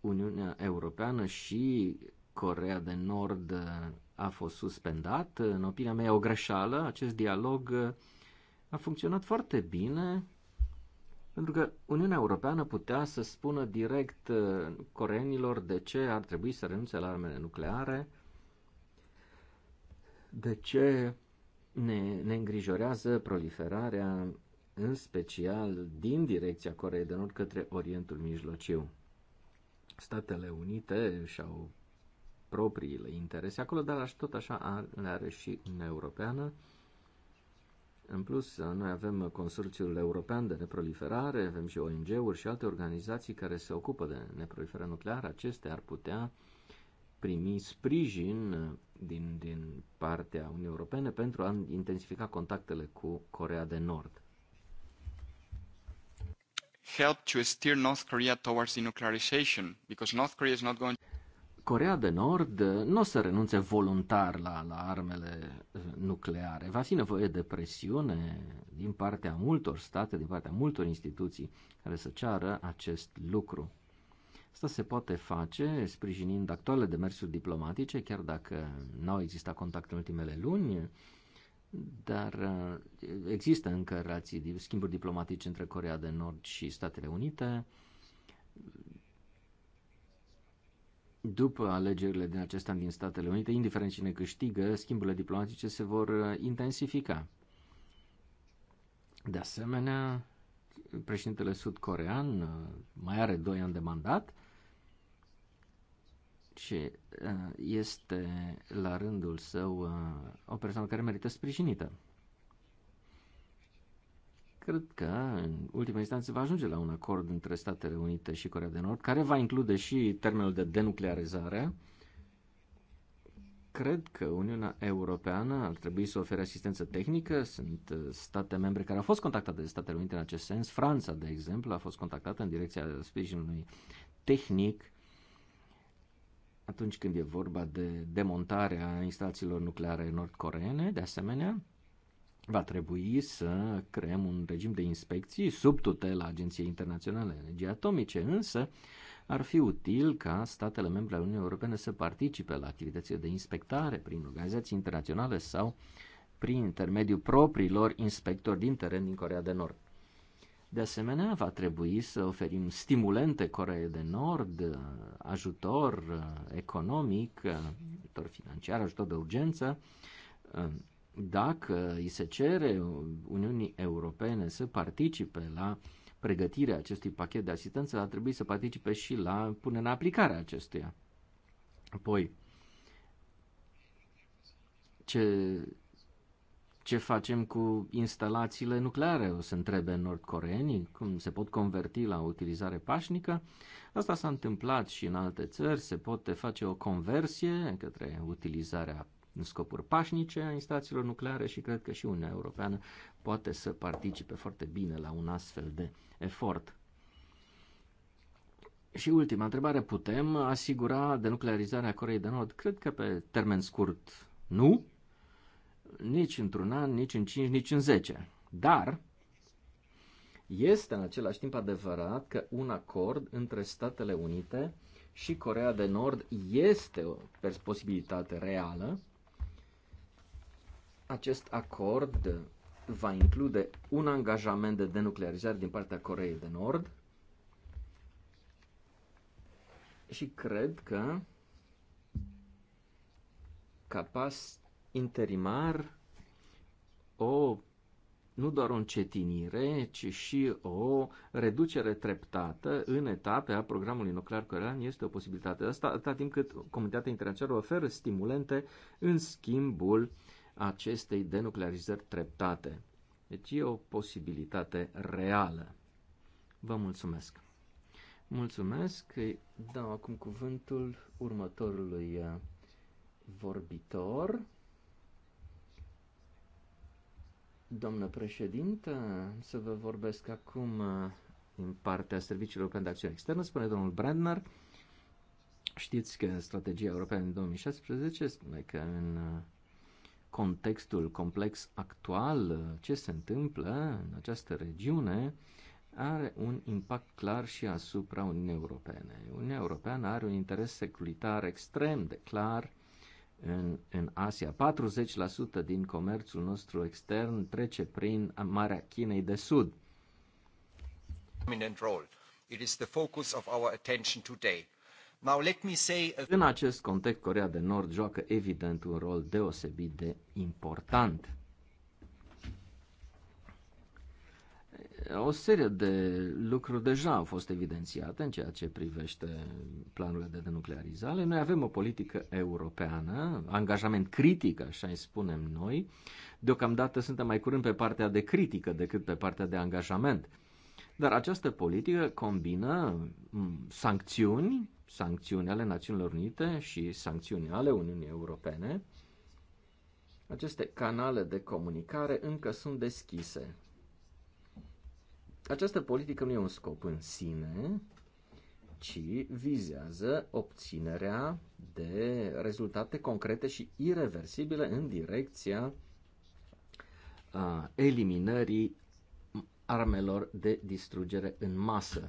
S1: Uniunea Europeană și Corea de Nord a fost suspendat. În opinia mea e o greșeală. Acest dialog a funcționat foarte bine pentru că Uniunea Europeană putea să spună direct uh, coreenilor de ce ar trebui să renunțe la armele nucleare, de ce ne, ne îngrijorează proliferarea, în special din direcția Coreei de Nord către Orientul Mijlociu. Statele Unite și-au propriile interese acolo, dar tot așa le are și Uniunea Europeană în plus, noi avem Consorțiul European de Neproliferare, avem și ONG-uri și alte organizații care se ocupă de neproliferare nucleară. Acestea ar putea primi sprijin din, din partea Uniunii Europene pentru a intensifica contactele cu Corea de Nord. Help to steer North Korea towards denuclearization, because North Korea is not going to... Corea de Nord nu o să renunțe voluntar la, la armele eh, nucleare. Va fi nevoie de presiune din partea multor state, din partea multor instituții care să ceară acest lucru. Asta se poate face sprijinind actuale demersuri diplomatice, chiar dacă nu au existat contact în ultimele luni, dar eh, există încă relații, schimburi diplomatice între Corea de Nord și Statele Unite după alegerile din acest an din Statele Unite, indiferent cine câștigă, schimburile diplomatice se vor uh, intensifica. De asemenea, președintele sud-corean uh, mai are 2 ani de mandat și uh, este la rândul său o persoană care merită sprijinită. Cred că, în ultima instanță, va ajunge la un acord între Statele Unite și Corea de Nord, care va include și termenul de denuclearizare. Cred că Uniunea Europeană ar trebui să ofere asistență tehnică. Sunt uh, state membre care au fost contactate de Statele Unite în acest sens. Franța, de exemplu, a fost contactată în direcția sprijinului tehnic atunci când e vorba de demontarea instalațiilor nucleare nordcoreene. de asemenea va trebui să creăm un regim de inspecții sub tutela Agenției Internaționale a Energiei Atomice, însă ar fi util ca statele membre ale Uniunii Europene să participe la activitățile de inspectare prin organizații internaționale sau prin intermediul propriilor inspectori din teren din Corea de Nord. De asemenea, va trebui să oferim stimulente Coreei de Nord, ajutor economic, ajutor financiar, ajutor de urgență, dacă îi se cere Uniunii Europene să participe la pregătirea acestui pachet de asistență, ar trebui să participe și la punerea în aplicare a acestuia. Apoi, ce, ce facem cu instalațiile nucleare, o să întrebe nordcoreenii, cum se pot converti la utilizare pașnică. Asta s-a întâmplat și în alte țări, se poate face o conversie către utilizarea în scopuri pașnice a instalațiilor nucleare și cred că și Uniunea Europeană poate să participe foarte bine la un astfel de efort. Și ultima întrebare, putem asigura denuclearizarea Coreei de Nord? Cred că pe termen scurt nu, nici într-un an, nici în 5, nici în 10. Dar este în același timp adevărat că un acord între Statele Unite și Corea de Nord este o posibilitate reală acest acord va include un angajament de denuclearizare din partea Coreei de Nord și cred că ca pas interimar o nu doar o încetinire, ci și o reducere treptată în etape a programului nuclear corean este o posibilitate. Asta atâta timp cât comunitatea internațională oferă stimulente în schimbul uh, acestei denuclearizări treptate. Deci e o posibilitate reală. Vă mulțumesc! Mulțumesc! Îi dau acum cuvântul următorului uh, vorbitor. Doamnă președinte, să vă vorbesc acum uh, din partea Serviciului European de Acțiune Externă, spune domnul Brandner. Știți că strategia europeană din 2016 spune că în uh, contextul complex actual, ce se întâmplă în această regiune, are un impact clar și asupra Uniunii Europene. Uniunea Europeană are un interes securitar extrem de clar în, în Asia. 40% din comerțul nostru extern trece prin Marea Chinei de Sud. It is the focus of our attention today. Now, let me say... Uh, în acest context, Corea de Nord joacă evident un rol deosebit de important. O serie de lucruri deja au fost evidențiate în ceea ce privește planurile de denuclearizare. Noi avem o politică europeană, angajament critic, așa îi spunem noi. Deocamdată suntem mai curând pe partea de critică decât pe partea de angajament dar această politică combină mm, sancțiuni, sancțiuni ale Națiunilor Unite și sancțiuni ale Uniunii Europene. Aceste canale de comunicare încă sunt deschise. Această politică nu e un scop în sine, ci vizează obținerea de rezultate concrete și irreversibile în direcția eliminării armelor de distrugere în masă.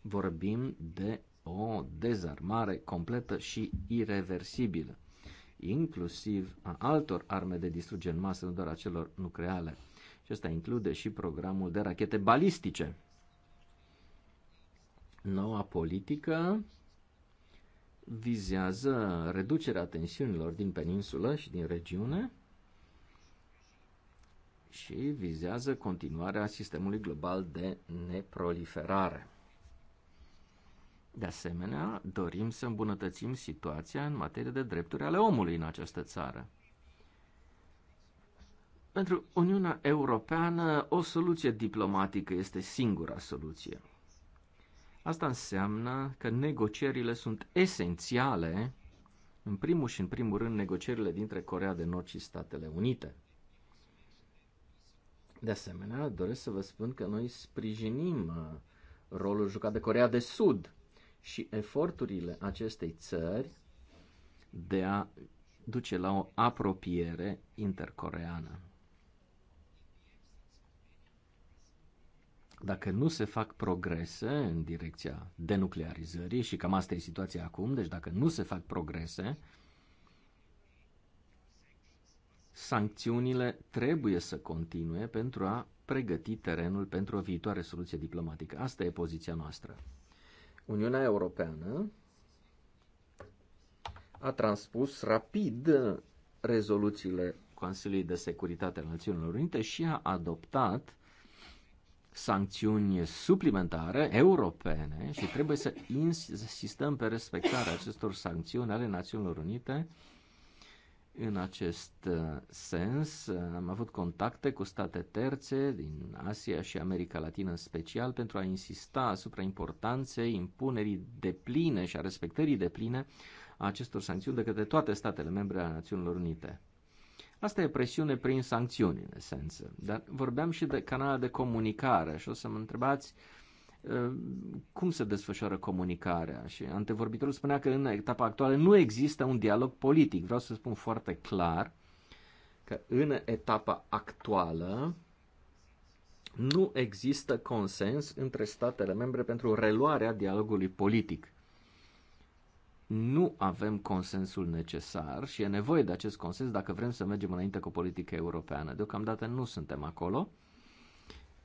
S1: Vorbim de o dezarmare completă și irreversibilă, inclusiv a altor arme de distrugere în masă, nu doar a celor nucleare. Și asta include și programul de rachete balistice. Noua politică vizează reducerea tensiunilor din peninsulă și din regiune, și vizează continuarea sistemului global de neproliferare. De asemenea, dorim să îmbunătățim situația în materie de drepturi ale omului în această țară. Pentru Uniunea Europeană, o soluție diplomatică este singura soluție. Asta înseamnă că negocierile sunt esențiale, în primul și în primul rând negocierile dintre Corea de Nord și Statele Unite. De asemenea, doresc să vă spun că noi sprijinim uh, rolul jucat de Corea de Sud și eforturile acestei țări de a duce la o apropiere intercoreană. Dacă nu se fac progrese în direcția denuclearizării, și cam asta e situația acum, deci dacă nu se fac progrese, sancțiunile trebuie să continue pentru a pregăti terenul pentru o viitoare soluție diplomatică. Asta e poziția noastră. Uniunea Europeană a transpus rapid rezoluțiile Consiliului de Securitate al Națiunilor Unite și a adoptat sancțiuni suplimentare europene și trebuie să insistăm pe respectarea acestor sancțiuni ale Națiunilor Unite în acest uh, sens, uh, am avut contacte cu state terțe din Asia și America Latină în special pentru a insista asupra importanței impunerii pline și a respectării pline a acestor sancțiuni de către toate statele membre ale Națiunilor Unite. Asta e presiune prin sancțiuni, în esență. Dar vorbeam și de canale de comunicare și o să mă întrebați uh, cum se desfășoară comunicarea și antevorbitorul spunea că în etapa actuală nu există un dialog politic. Vreau să spun foarte clar că în etapa actuală nu există consens între statele membre pentru reluarea dialogului politic. Nu avem consensul necesar și e nevoie de acest consens dacă vrem să mergem înainte cu politica europeană. Deocamdată nu suntem acolo.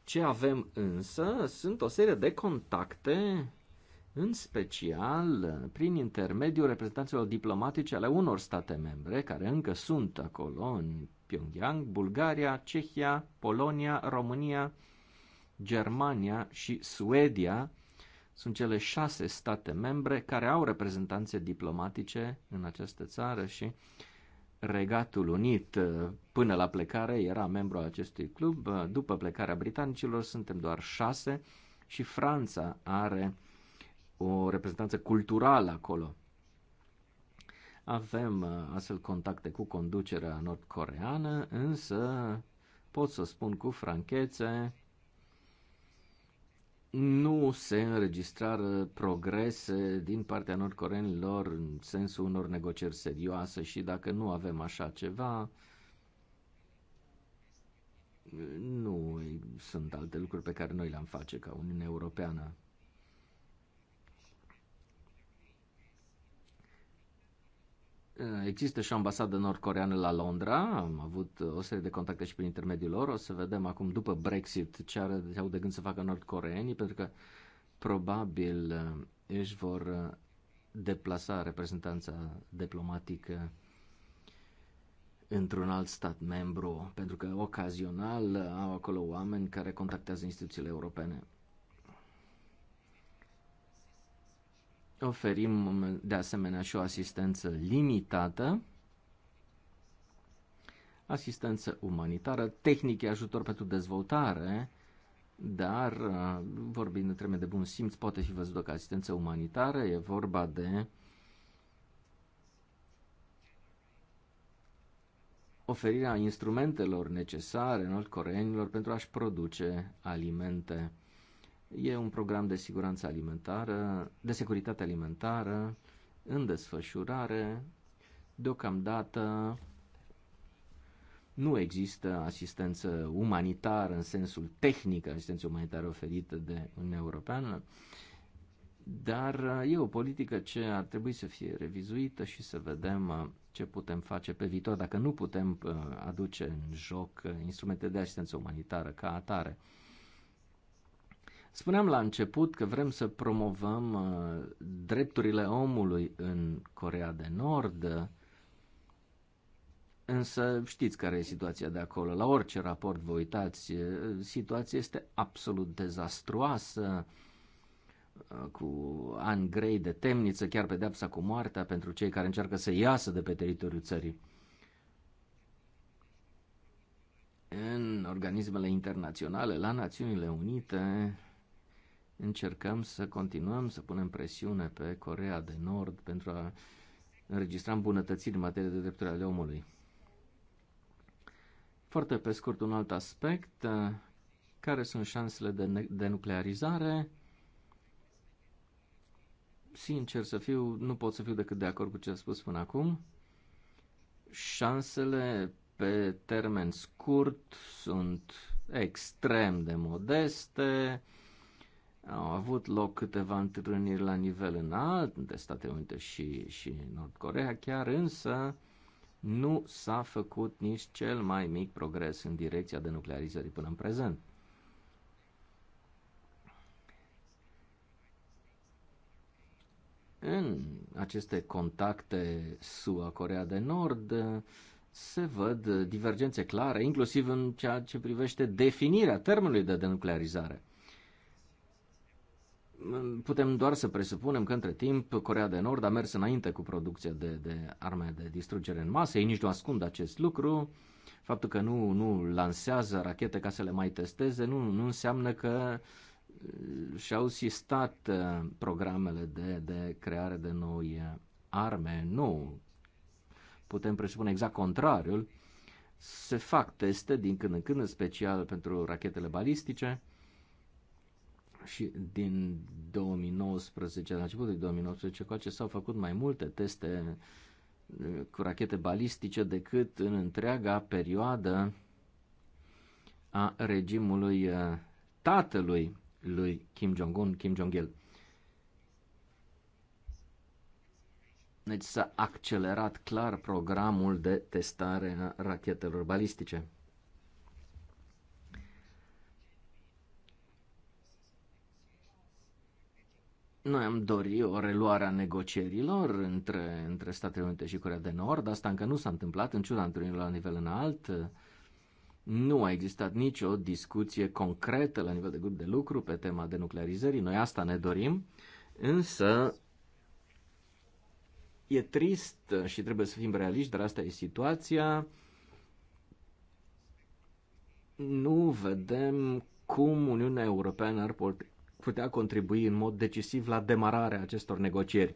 S1: Ce avem însă sunt o serie de contacte, în special prin intermediul reprezentanților diplomatice ale unor state membre, care încă sunt acolo, în Pyongyang, Bulgaria, Cehia, Polonia, România, Germania și Suedia sunt cele șase state membre care au reprezentanțe diplomatice în această țară și Regatul Unit uh, până la plecare era membru al acestui club, uh, după plecarea britanicilor suntem doar șase și Franța are o reprezentanță culturală acolo. Avem uh, astfel contacte cu conducerea nord-coreană, însă pot să spun cu franchețe nu se înregistrară progrese din partea nordcoreenilor în sensul unor negocieri serioase și dacă nu avem așa ceva, nu sunt alte lucruri pe care noi le-am face ca Uniunea Europeană. Eh, există și o ambasadă nordcoreană la Londra, am avut eh, o serie de contacte și prin intermediul lor, o să vedem acum după Brexit ce, are, ce au de gând să facă nordcoreenii, pentru că probabil eh, își vor deplasa reprezentanța diplomatică într-un alt stat membru, pentru că ocazional au acolo oameni care contactează instituțiile europene. Oferim de asemenea și o asistență limitată, asistență umanitară, tehnic ajutor pentru dezvoltare, dar uh, vorbind în termen de bun simț poate fi văzută ca asistență umanitară, e vorba de oferirea instrumentelor necesare în coreenilor pentru a-și produce alimente. E un program de siguranță alimentară, de securitate alimentară, în desfășurare. Deocamdată nu există asistență umanitară în sensul tehnic, asistență umanitară oferită de Uniunea Europeană, dar e o politică ce ar trebui să fie revizuită și să vedem uh, ce putem face pe viitor, dacă nu putem uh, aduce în joc uh, instrumente de asistență umanitară ca atare. Spuneam la început că vrem să promovăm uh, drepturile omului în Corea de Nord, însă știți care e situația de acolo. La orice raport vă uitați, uh, situația este absolut dezastruoasă, uh, cu ani grei de temniță, chiar pedeapsa cu moartea pentru cei care încearcă să iasă de pe teritoriul țării. În organismele internaționale, la Națiunile Unite, încercăm să continuăm să punem presiune pe Corea de Nord pentru a înregistra îmbunătățiri în materie de drepturi ale omului. Foarte pe scurt, un alt aspect, uh, care sunt șansele de denuclearizare? Sincer să fiu, nu pot să fiu decât de acord cu ce a spus până acum. Șansele pe termen scurt sunt extrem de modeste, au avut loc câteva întâlniri la nivel înalt, de Statele Unite și, și Nord Corea chiar, însă nu s-a făcut nici cel mai mic progres în direcția de denuclearizării până în prezent. În aceste contacte SUA-Corea de Nord se văd divergențe clare, inclusiv în ceea ce privește definirea termenului de denuclearizare putem doar să presupunem că între timp Corea de Nord a mers înainte cu producția de, de arme de distrugere în masă, ei nici nu ascund acest lucru, faptul că nu, nu lansează rachete ca să le mai testeze nu, nu înseamnă că uh, și-au sistat uh, programele de, de creare de noi uh, arme. Nu, putem presupune exact contrariul. Se fac teste din când în când, în special pentru rachetele balistice, și din 2019, la începutul 2019, ce s-au făcut mai multe teste uh, cu rachete balistice decât în întreaga perioadă a regimului uh, tatălui lui Kim Jong-un, Kim Jong-il. Deci s-a accelerat clar programul de testare a rachetelor balistice. Noi am dori o reluare a negocierilor între, între Statele Unite și Corea de Nord. Asta încă nu s-a întâmplat în ciuda întâlnirilor la nivel înalt. Nu a existat nicio discuție concretă la nivel de grup de lucru pe tema denuclearizării. Noi asta ne dorim, însă e trist și trebuie să fim realiști, dar asta e situația. Nu vedem cum Uniunea Europeană ar putea contribui în mod decisiv la demararea acestor negocieri.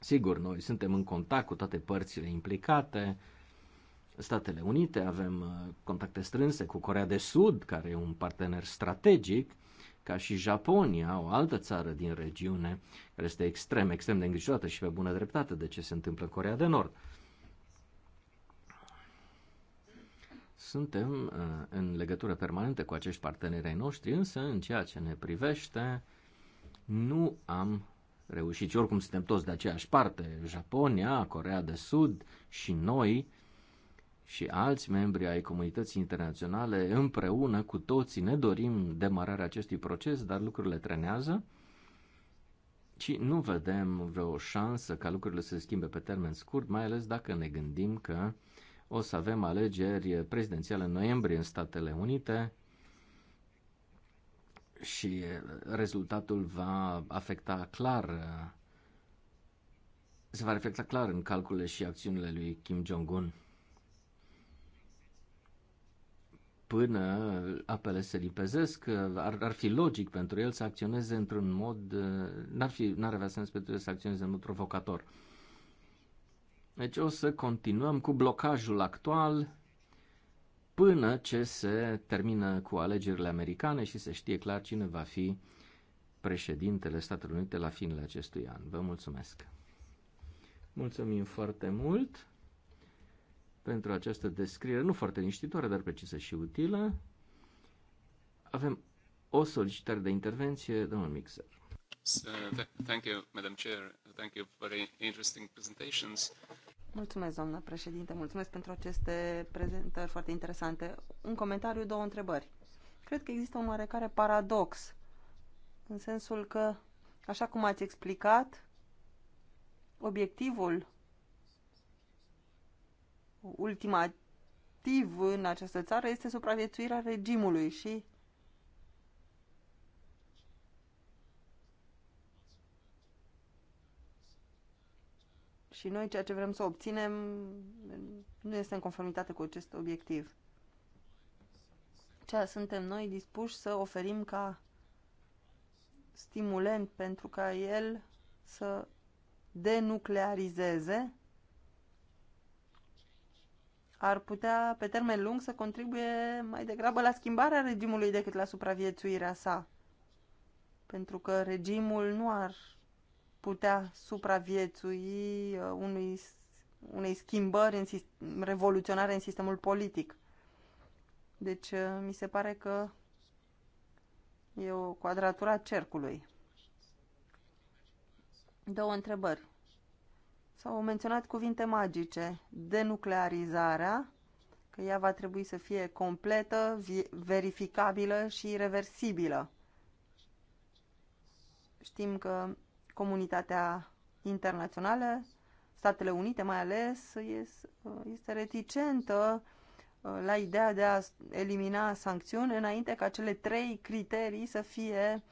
S1: Sigur, noi suntem în contact cu toate părțile implicate, Statele Unite, avem uh, contacte strânse cu Corea de Sud, care e un partener strategic, ca și Japonia, o altă țară din regiune, care este extrem, extrem de îngrijorată și pe bună dreptate de ce se întâmplă în Corea de Nord. Suntem uh, în legătură permanentă cu acești parteneri ai noștri, însă în ceea ce ne privește nu am reușit. Și oricum suntem toți de aceeași parte, Japonia, Corea de Sud și noi și alți membri ai comunității internaționale, împreună cu toții ne dorim demararea acestui proces, dar lucrurile trenează ci nu vedem vreo șansă ca lucrurile să se schimbe pe termen scurt, mai ales dacă ne gândim că o să avem alegeri prezidențiale în noiembrie în Statele Unite și rezultatul va afecta clar se va reflecta clar în calcule și acțiunile lui Kim Jong-un. Până apele se lipezesc, ar, ar fi logic pentru el să acționeze într-un mod, n-ar, fi, n-ar avea sens pentru el să acționeze în mod provocator. Deci o să continuăm cu blocajul actual până ce se termină cu alegerile americane și se știe clar cine va fi președintele Statelor Unite la finele acestui an. Vă mulțumesc! Mulțumim foarte mult pentru această descriere, nu foarte liniștitoare, dar precisă și utilă. Avem o solicitare de intervenție, domnul Mixer.
S3: Uh, thank you, Madam Chair. Thank you for very interesting presentations.
S2: Mulțumesc, doamnă președinte, mulțumesc pentru aceste prezentări foarte interesante. Un comentariu, două întrebări. Cred că există un oarecare paradox, în sensul că, așa cum ați explicat, obiectivul ultimativ în această țară este supraviețuirea regimului și Și noi ceea ce vrem să obținem nu este în conformitate cu acest obiectiv. Ceea suntem noi dispuși să oferim ca stimulent pentru ca el să denuclearizeze ar putea, pe termen lung, să contribuie mai degrabă la schimbarea regimului decât la supraviețuirea sa. Pentru că regimul nu ar putea supraviețui uh, unui, unei schimbări în, revoluționare în sistemul politic. Deci uh, mi se pare că e o quadratura cercului. Două întrebări. S-au menționat cuvinte magice. Denuclearizarea, că ea va trebui să fie completă, verificabilă și reversibilă. Știm că comunitatea internațională, Statele Unite mai ales, este reticentă uh, la ideea de a elimina sancțiuni înainte ca cele trei criterii să fie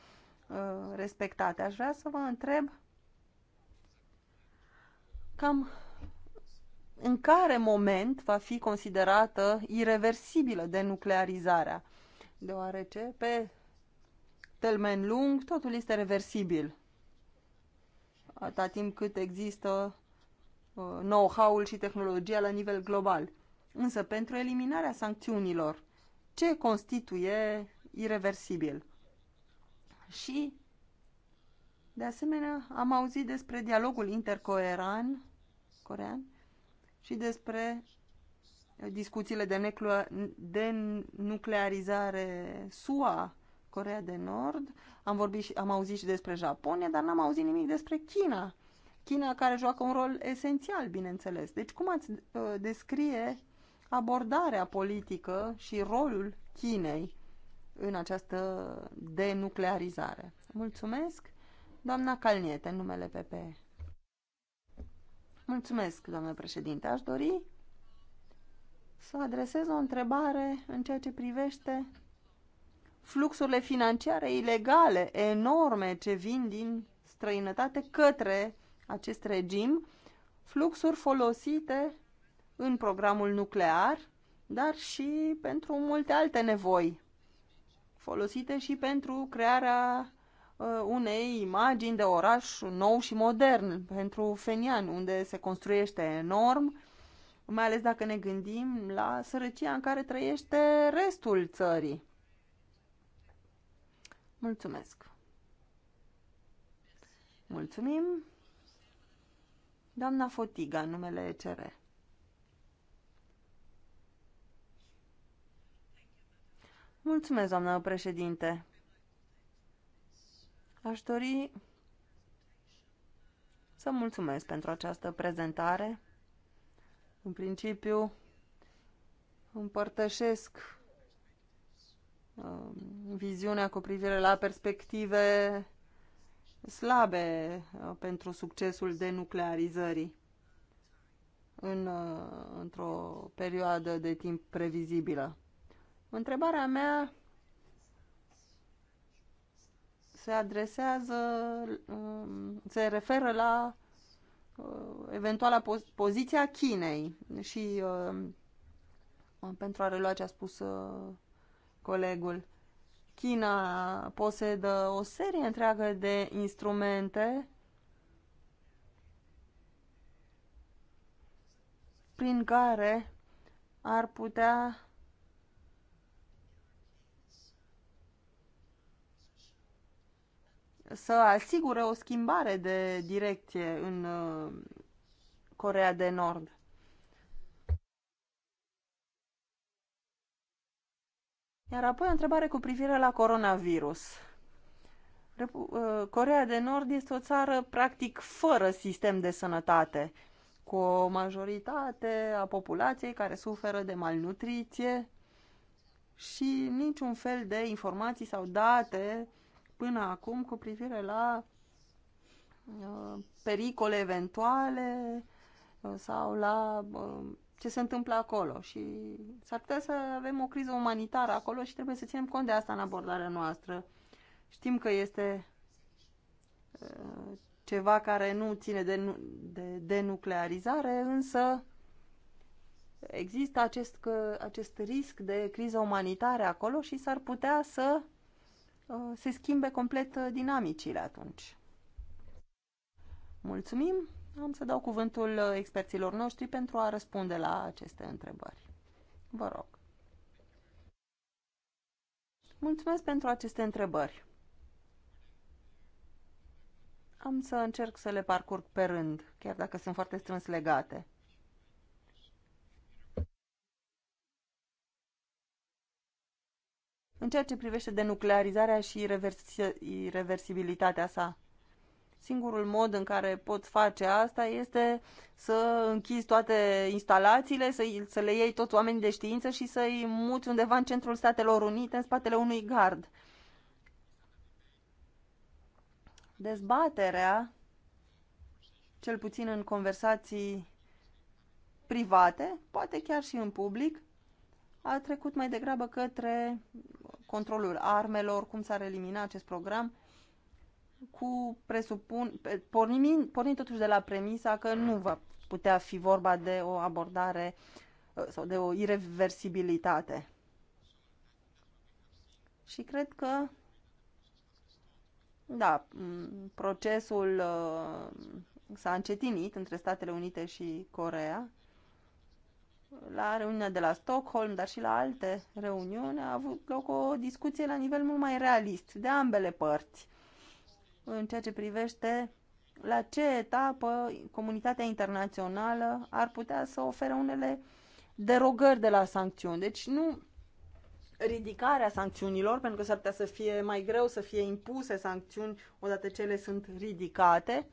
S2: uh, respectate. Aș vrea să vă întreb cam în care moment va fi considerată irreversibilă denuclearizarea, deoarece pe termen lung totul este reversibil atâta timp cât există uh, know-how-ul și tehnologia la nivel global. Însă pentru eliminarea sancțiunilor, ce constituie irreversibil? Și, de asemenea, am auzit despre dialogul intercoeran corean și despre uh, discuțiile de, de nuclearizare SUA Corea de Nord, am, vorbit și, am auzit și despre Japonia, dar n-am auzit nimic despre China. China care joacă un rol esențial, bineînțeles. Deci cum ați uh, descrie abordarea politică și rolul Chinei în această denuclearizare? Mulțumesc, doamna Calniete, în numele PP. Mulțumesc, doamnă președinte. Aș dori să adresez o întrebare în ceea ce privește fluxurile financiare ilegale enorme ce vin din străinătate către acest regim, fluxuri folosite în programul nuclear, dar și pentru multe alte nevoi, folosite și pentru crearea uh, unei imagini de oraș nou și modern pentru Fenian, unde se construiește enorm, mai ales dacă ne gândim la sărăcia în care trăiește restul țării. Mulțumesc! Mulțumim! Doamna Fotiga, numele ECR. Mulțumesc, doamnă președinte. Aș dori să mulțumesc pentru această prezentare. În principiu, împărtășesc Um, viziunea cu privire la perspective slabe uh, pentru succesul denuclearizării în, uh, într-o perioadă de timp previzibilă. Întrebarea mea se adresează, um, se referă la uh, eventuala poziția Chinei și um, pentru a relua ce a spus colegul. China posedă o serie întreagă de instrumente prin care ar putea să asigure o schimbare de direcție în uh, Corea de Nord. Iar apoi o întrebare cu privire la coronavirus. Uh, Corea de Nord este o țară practic fără sistem de sănătate, cu o majoritate a populației care suferă de malnutriție și niciun fel de informații sau date până acum cu privire la uh, pericole eventuale uh, sau la ce se întâmplă acolo și s-ar putea să avem o criză umanitară acolo și trebuie să ținem cont de asta în abordarea noastră. Știm că este uh, ceva care nu ține de, de de nuclearizare, însă există acest, uh, acest risc de criză umanitară acolo și s-ar putea să uh, se schimbe complet dinamicile atunci. Mulțumim! Am să dau cuvântul uh, experților noștri pentru a răspunde la aceste întrebări. Vă rog. Mulțumesc pentru aceste întrebări. Am să încerc să le parcurg pe rând, chiar dacă sunt foarte strâns legate. În ceea ce privește denuclearizarea și reversibilitatea sa, Singurul mod în care pot face asta este să închizi toate instalațiile, să, să le iei toți oamenii de știință și să-i muți undeva în centrul Statelor Unite, în spatele unui gard. Dezbaterea, cel puțin în conversații private, poate chiar și în public, a trecut mai degrabă către controlul armelor, cum s-ar elimina acest program, cu presupun, pornind, pornind totuși de la premisa că nu va putea fi vorba de o abordare uh, sau de o irreversibilitate. Și cred că, da, procesul uh, s-a încetinit între Statele Unite și Corea. La reuniunea de la Stockholm, dar și la alte reuniuni, a avut loc o discuție la nivel mult mai realist de ambele părți în ceea ce privește la ce etapă comunitatea internațională ar putea să ofere unele derogări de la sancțiuni. Deci nu ridicarea sancțiunilor, pentru că s-ar putea să fie mai greu să fie impuse sancțiuni odată ce ele sunt ridicate.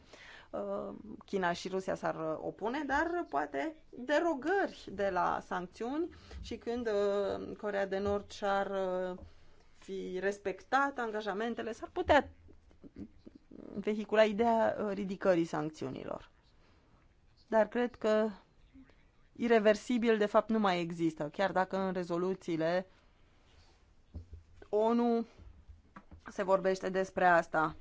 S2: Uh, China și Rusia s-ar opune, dar poate derogări de la sancțiuni și când uh, Corea de Nord și-ar uh, fi respectat angajamentele, s-ar putea vehicula ideea uh, ridicării sancțiunilor. Dar cred că irreversibil de fapt nu mai există, chiar dacă în rezoluțiile ONU se vorbește despre asta.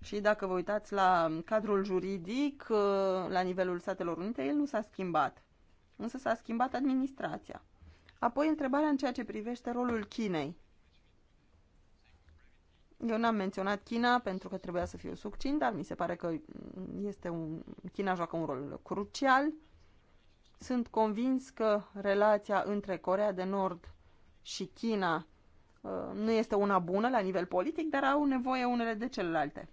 S2: Și dacă vă uitați la cadrul juridic, uh, la nivelul Statelor Unite, el nu s-a schimbat. Însă s-a schimbat administrația. Apoi întrebarea în ceea ce privește rolul Chinei. Eu n-am menționat China pentru că trebuia să fiu succint, dar mi se pare că este un, China joacă un rol crucial. Sunt convins că relația între Corea de Nord și China uh, nu este una bună la nivel politic, dar au nevoie unele de celelalte.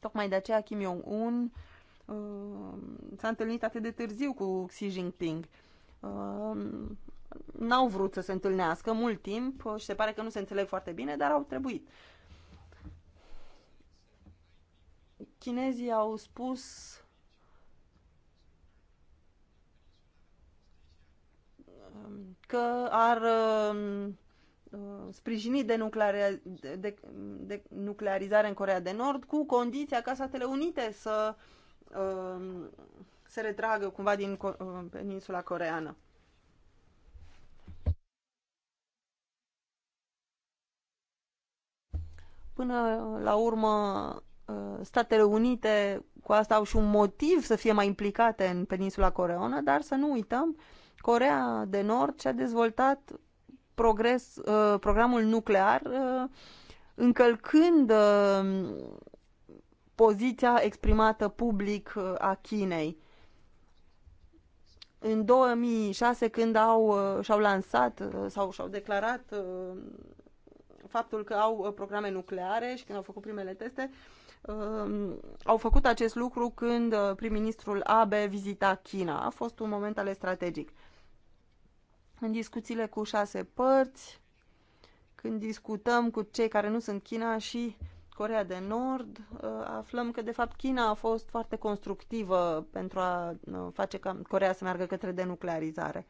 S2: Tocmai de aceea Kim Jong-un uh, s-a întâlnit atât de târziu cu Xi Jinping. Uh, n-au vrut să se întâlnească mult timp și se pare că nu se înțeleg foarte bine, dar au trebuit. Chinezii au spus că ar um, uh, sprijini denuclearizarea de, de, de în Corea de Nord cu condiția ca Statele Unite să um, se retragă cumva din uh, peninsula coreană. Până la urmă, ă, Statele Unite cu asta au și un motiv să fie mai implicate în peninsula coreană, dar să nu uităm, Corea de Nord și-a dezvoltat progres, ă, programul nuclear ă, încălcând poziția exprimată public a Chinei. În 2006, când au, și-au lansat sau și-au declarat faptul că au uh, programe nucleare și când au făcut primele teste, um, au făcut acest lucru când uh, prim-ministrul Abe vizita China. A fost un moment ale strategic. În discuțiile cu șase părți, când discutăm cu cei care nu sunt China și Corea de Nord, uh, aflăm că, de fapt, China a fost foarte constructivă pentru a face ca Corea să meargă către denuclearizare.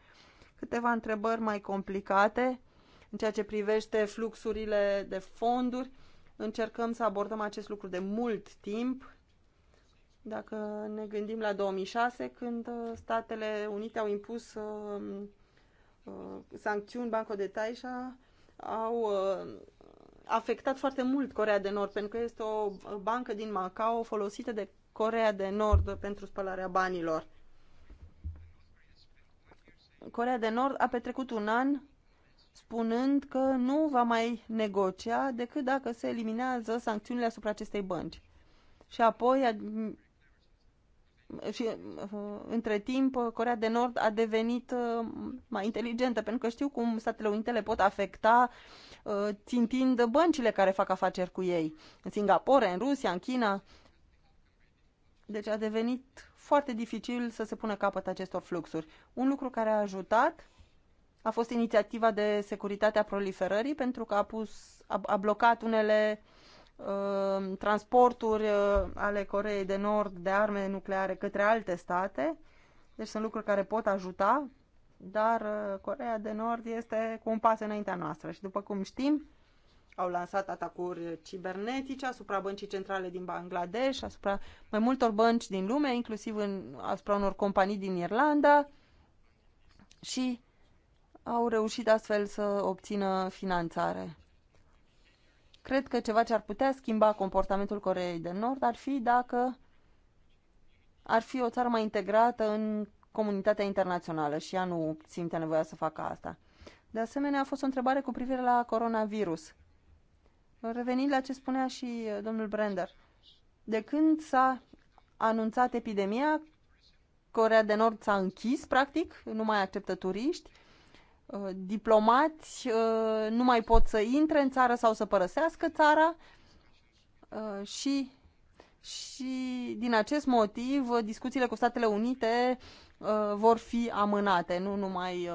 S2: Câteva întrebări mai complicate în ceea ce privește fluxurile de fonduri, încercăm să abordăm acest lucru de mult timp. Dacă ne gândim la 2006, când uh, Statele Unite au impus uh, uh, sancțiuni Banco de Taisha, au uh, afectat foarte mult Corea de Nord, pentru că este o uh, bancă din Macao folosită de Corea de Nord pentru spălarea banilor. Corea de Nord a petrecut un an spunând că nu va mai negocia decât dacă se eliminează sancțiunile asupra acestei bănci. Și apoi, și, uh, între timp, Corea de Nord a devenit uh, mai inteligentă, pentru că știu cum Statele Unite le pot afecta uh, țintind băncile care fac afaceri cu ei. În Singapore, în Rusia, în China. Deci a devenit foarte dificil să se pună capăt acestor fluxuri. Un lucru care a ajutat a fost inițiativa de securitate a proliferării pentru că a, pus, a, a blocat unele uh, transporturi uh, ale Coreei de Nord de arme nucleare către alte state. Deci sunt lucruri care pot ajuta, dar uh, Coreea de Nord este cu un pas înaintea noastră și după cum știm, au lansat atacuri cibernetice asupra băncii centrale din Bangladesh, asupra mai multor bănci din lume, inclusiv în, asupra unor companii din Irlanda și au reușit astfel să obțină finanțare. Cred că ceva ce ar putea schimba comportamentul Coreei de Nord ar fi dacă ar fi o țară mai integrată în comunitatea internațională și ea nu simte nevoia să facă asta. De asemenea, a fost o întrebare cu privire la coronavirus. Revenind la ce spunea și domnul Brender, de când s-a anunțat epidemia, Corea de Nord s-a închis, practic, nu mai acceptă turiști Uh, diplomați uh, nu mai pot să intre în țară sau să părăsească țara uh, și, și din acest motiv discuțiile cu Statele Unite vor fi amânate, nu numai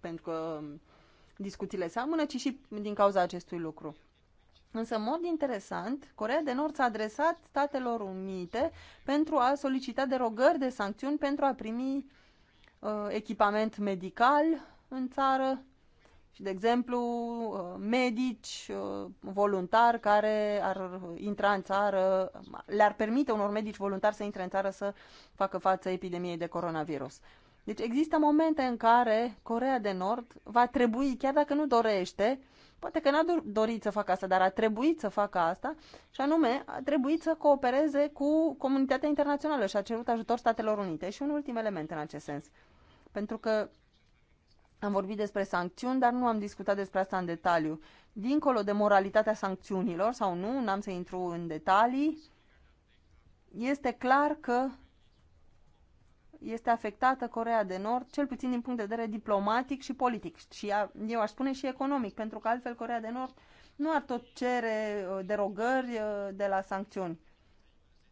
S2: pentru că discuțiile se amână, ci și din cauza acestui lucru. Însă, în mod interesant, Corea de Nord s-a adresat Statelor Unite pentru a solicita derogări de sancțiuni pentru a primi uh, echipament medical în țară și, de exemplu, uh, medici uh, voluntari care ar intra în țară, le-ar permite unor medici voluntari să intre în țară să facă față epidemiei de coronavirus. Deci există momente în care Corea de Nord va trebui, chiar dacă nu dorește, poate că n-a dorit să facă asta, dar a trebuit să facă asta, și anume a trebuit să coopereze cu comunitatea internațională și a cerut ajutor Statelor Unite. Și un ultim element în acest sens. Pentru că am vorbit despre sancțiuni, dar nu am discutat despre asta în detaliu. Dincolo de moralitatea sancțiunilor sau nu, n-am să intru în detalii, este clar că este afectată Corea de Nord, cel puțin din punct de vedere diplomatic și politic. Și eu aș spune și economic, pentru că altfel Corea de Nord nu ar tot cere uh, derogări uh, de la sancțiuni.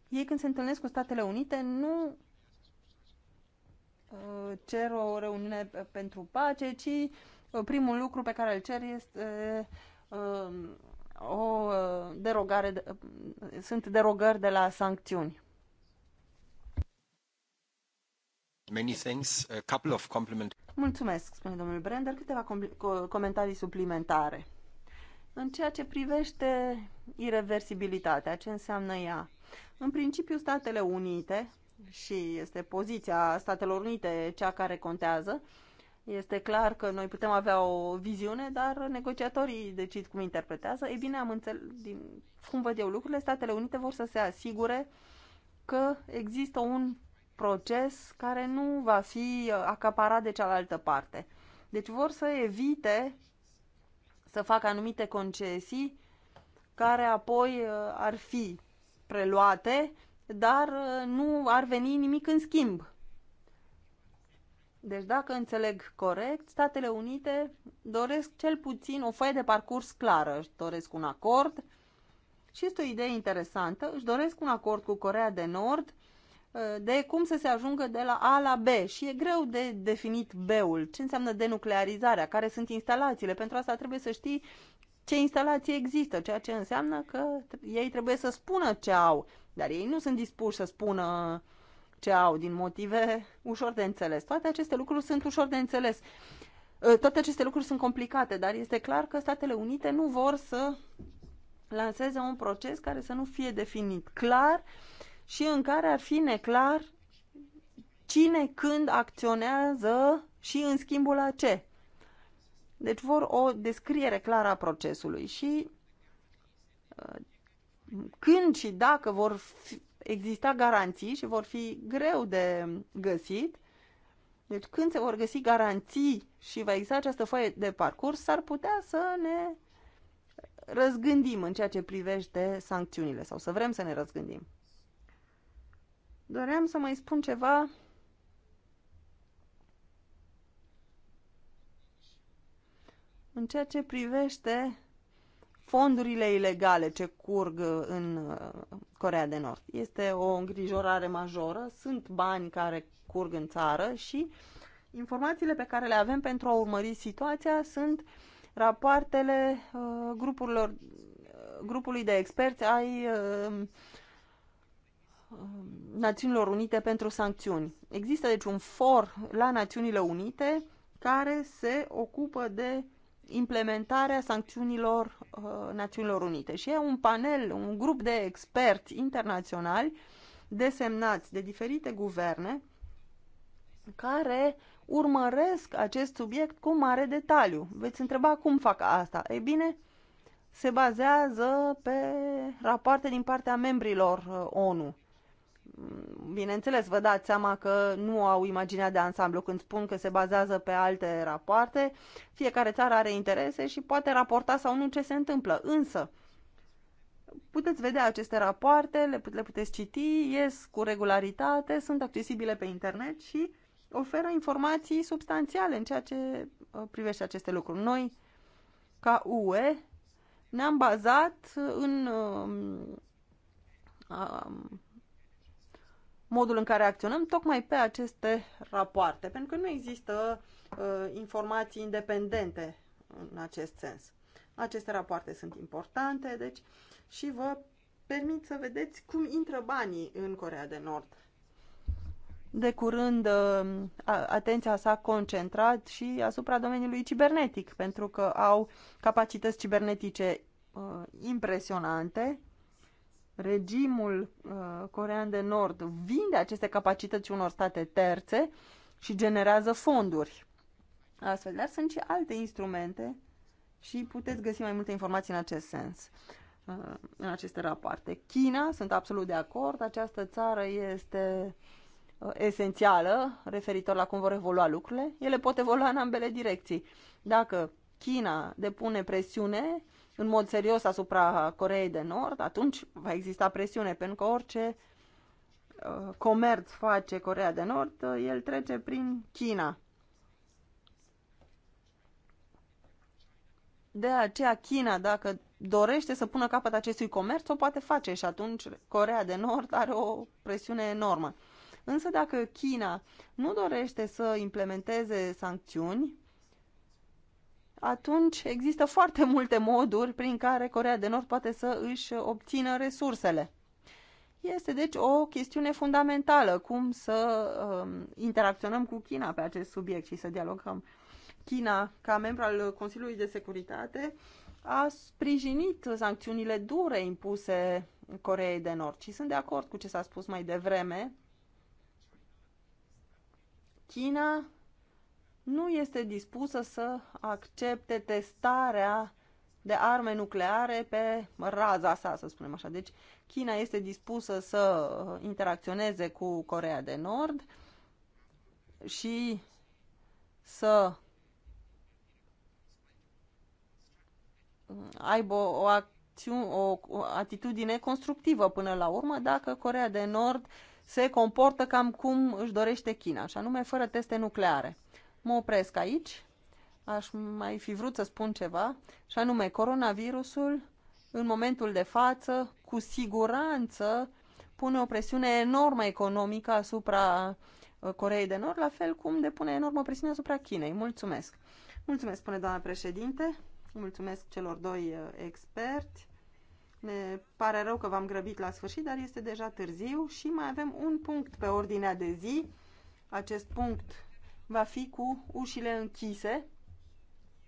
S2: Ei când se întâlnesc cu Statele Unite nu Uh, cer o reuniune pentru pace, ci uh, primul lucru pe care îl cer este uh, o derogare, sunt derogări de la sancțiuni.
S1: Many thanks. A couple of compliment.
S2: Mulțumesc, spune domnul Brender. Câteva com comentarii suplimentare. În ceea ce privește irreversibilitatea, ce înseamnă ea? În principiu, Statele Unite și este poziția Statelor Unite cea care contează. Este clar că noi putem avea o viziune, dar negociatorii decid cum interpretează. Ei bine, am înțeles, din cum văd eu lucrurile, Statele Unite vor să se asigure că există un proces care nu va fi uh, acaparat de cealaltă parte. Deci vor să evite să facă anumite concesii care apoi uh, ar fi preluate dar uh, nu ar veni nimic în schimb. Deci, dacă înțeleg corect, Statele Unite doresc cel puțin o foaie de parcurs clară, își doresc un acord și este o idee interesantă, își doresc un acord cu Corea de Nord uh, de cum să se ajungă de la A la B și e greu de definit B-ul, ce înseamnă denuclearizarea, care sunt instalațiile, pentru asta trebuie să știi ce instalații există, ceea ce înseamnă că ei trebuie să spună ce au dar ei nu sunt dispuși să spună ce au din motive ușor de înțeles. Toate aceste lucruri sunt ușor de înțeles. Ă, toate aceste lucruri sunt complicate, dar este clar că Statele Unite nu vor să lanseze un proces care să nu fie definit clar și în care ar fi neclar cine când acționează și în schimbul la ce. Deci vor o descriere clară a procesului și ă, când și dacă vor exista garanții și vor fi greu de găsit, deci când se vor găsi garanții și va exista această foaie de parcurs, s-ar putea să ne răzgândim în ceea ce privește sancțiunile sau să vrem să ne răzgândim. Doream să mai spun ceva în ceea ce privește fondurile ilegale ce curg uh, în uh, Corea de Nord. Este o îngrijorare majoră, sunt bani care curg în țară și informațiile pe care le avem pentru a urmări situația sunt rapoartele uh, grupurilor, grupului de experți ai Națiunilor Unite pentru sancțiuni. Există deci un for la Națiunile Unite care se ocupă de implementarea sancțiunilor uh, Națiunilor Unite. Și e un panel, un grup de experți internaționali desemnați de diferite guverne care urmăresc acest subiect cu mare detaliu. Veți întreba cum fac asta. Ei bine, se bazează pe rapoarte din partea membrilor uh, ONU bineînțeles, vă dați seama că nu au imaginea de ansamblu când spun că se bazează pe alte rapoarte. Fiecare țară are interese și poate raporta sau nu ce se întâmplă. Însă, puteți vedea aceste rapoarte, le, le puteți citi, ies cu regularitate, sunt accesibile pe internet și oferă informații substanțiale în ceea ce uh, privește aceste lucruri. Noi, ca UE, ne-am bazat în um, um, modul în care acționăm tocmai pe aceste rapoarte, pentru că nu există uh, informații independente în acest sens. Aceste rapoarte sunt importante, deci și vă permit să vedeți cum intră banii în Corea de Nord. De curând, uh, atenția s-a concentrat și asupra domeniului cibernetic, pentru că au capacități cibernetice uh, impresionante regimul uh, corean de nord vinde aceste capacități unor state terțe și generează fonduri. Astfel, dar sunt și alte instrumente și puteți găsi mai multe informații în acest sens, uh, în aceste rapoarte. China, sunt absolut de acord, această țară este uh, esențială referitor la cum vor evolua lucrurile. Ele pot evolua în ambele direcții. Dacă China depune presiune, uh, în mod serios asupra Coreei de Nord, atunci va exista presiune, pentru că orice uh, comerț face Corea de Nord, uh, el trece prin China. De aceea China, dacă dorește să pună capăt acestui comerț, o poate face și atunci Corea de Nord are o presiune enormă. Însă dacă China nu dorește să implementeze sancțiuni, atunci există foarte multe moduri prin care Corea de Nord poate să își obțină resursele. Este deci o chestiune fundamentală cum să um, interacționăm cu China pe acest subiect și să dialogăm. China, ca membru al Consiliului de Securitate, a sprijinit sancțiunile dure impuse Coreei de Nord și sunt de acord cu ce s-a spus mai devreme. China nu este dispusă să accepte testarea de arme nucleare pe raza sa, să spunem așa. Deci China este dispusă să interacționeze cu Corea de Nord și să aibă o, acțiune, o, o atitudine constructivă până la urmă dacă Corea de Nord se comportă cam cum își dorește China, și anume fără teste nucleare. Mă opresc aici. Aș mai fi vrut să spun ceva, și anume, coronavirusul, în momentul de față, cu siguranță pune o presiune enormă economică asupra uh, Coreei de Nord, la fel cum depune enormă presiune asupra Chinei. Mulțumesc! Mulțumesc, spune doamna președinte, mulțumesc celor doi uh, experți. Ne pare rău că v-am grăbit la sfârșit, dar este deja târziu și mai avem un punct pe ordinea de zi. Acest punct va fi cu ușile închise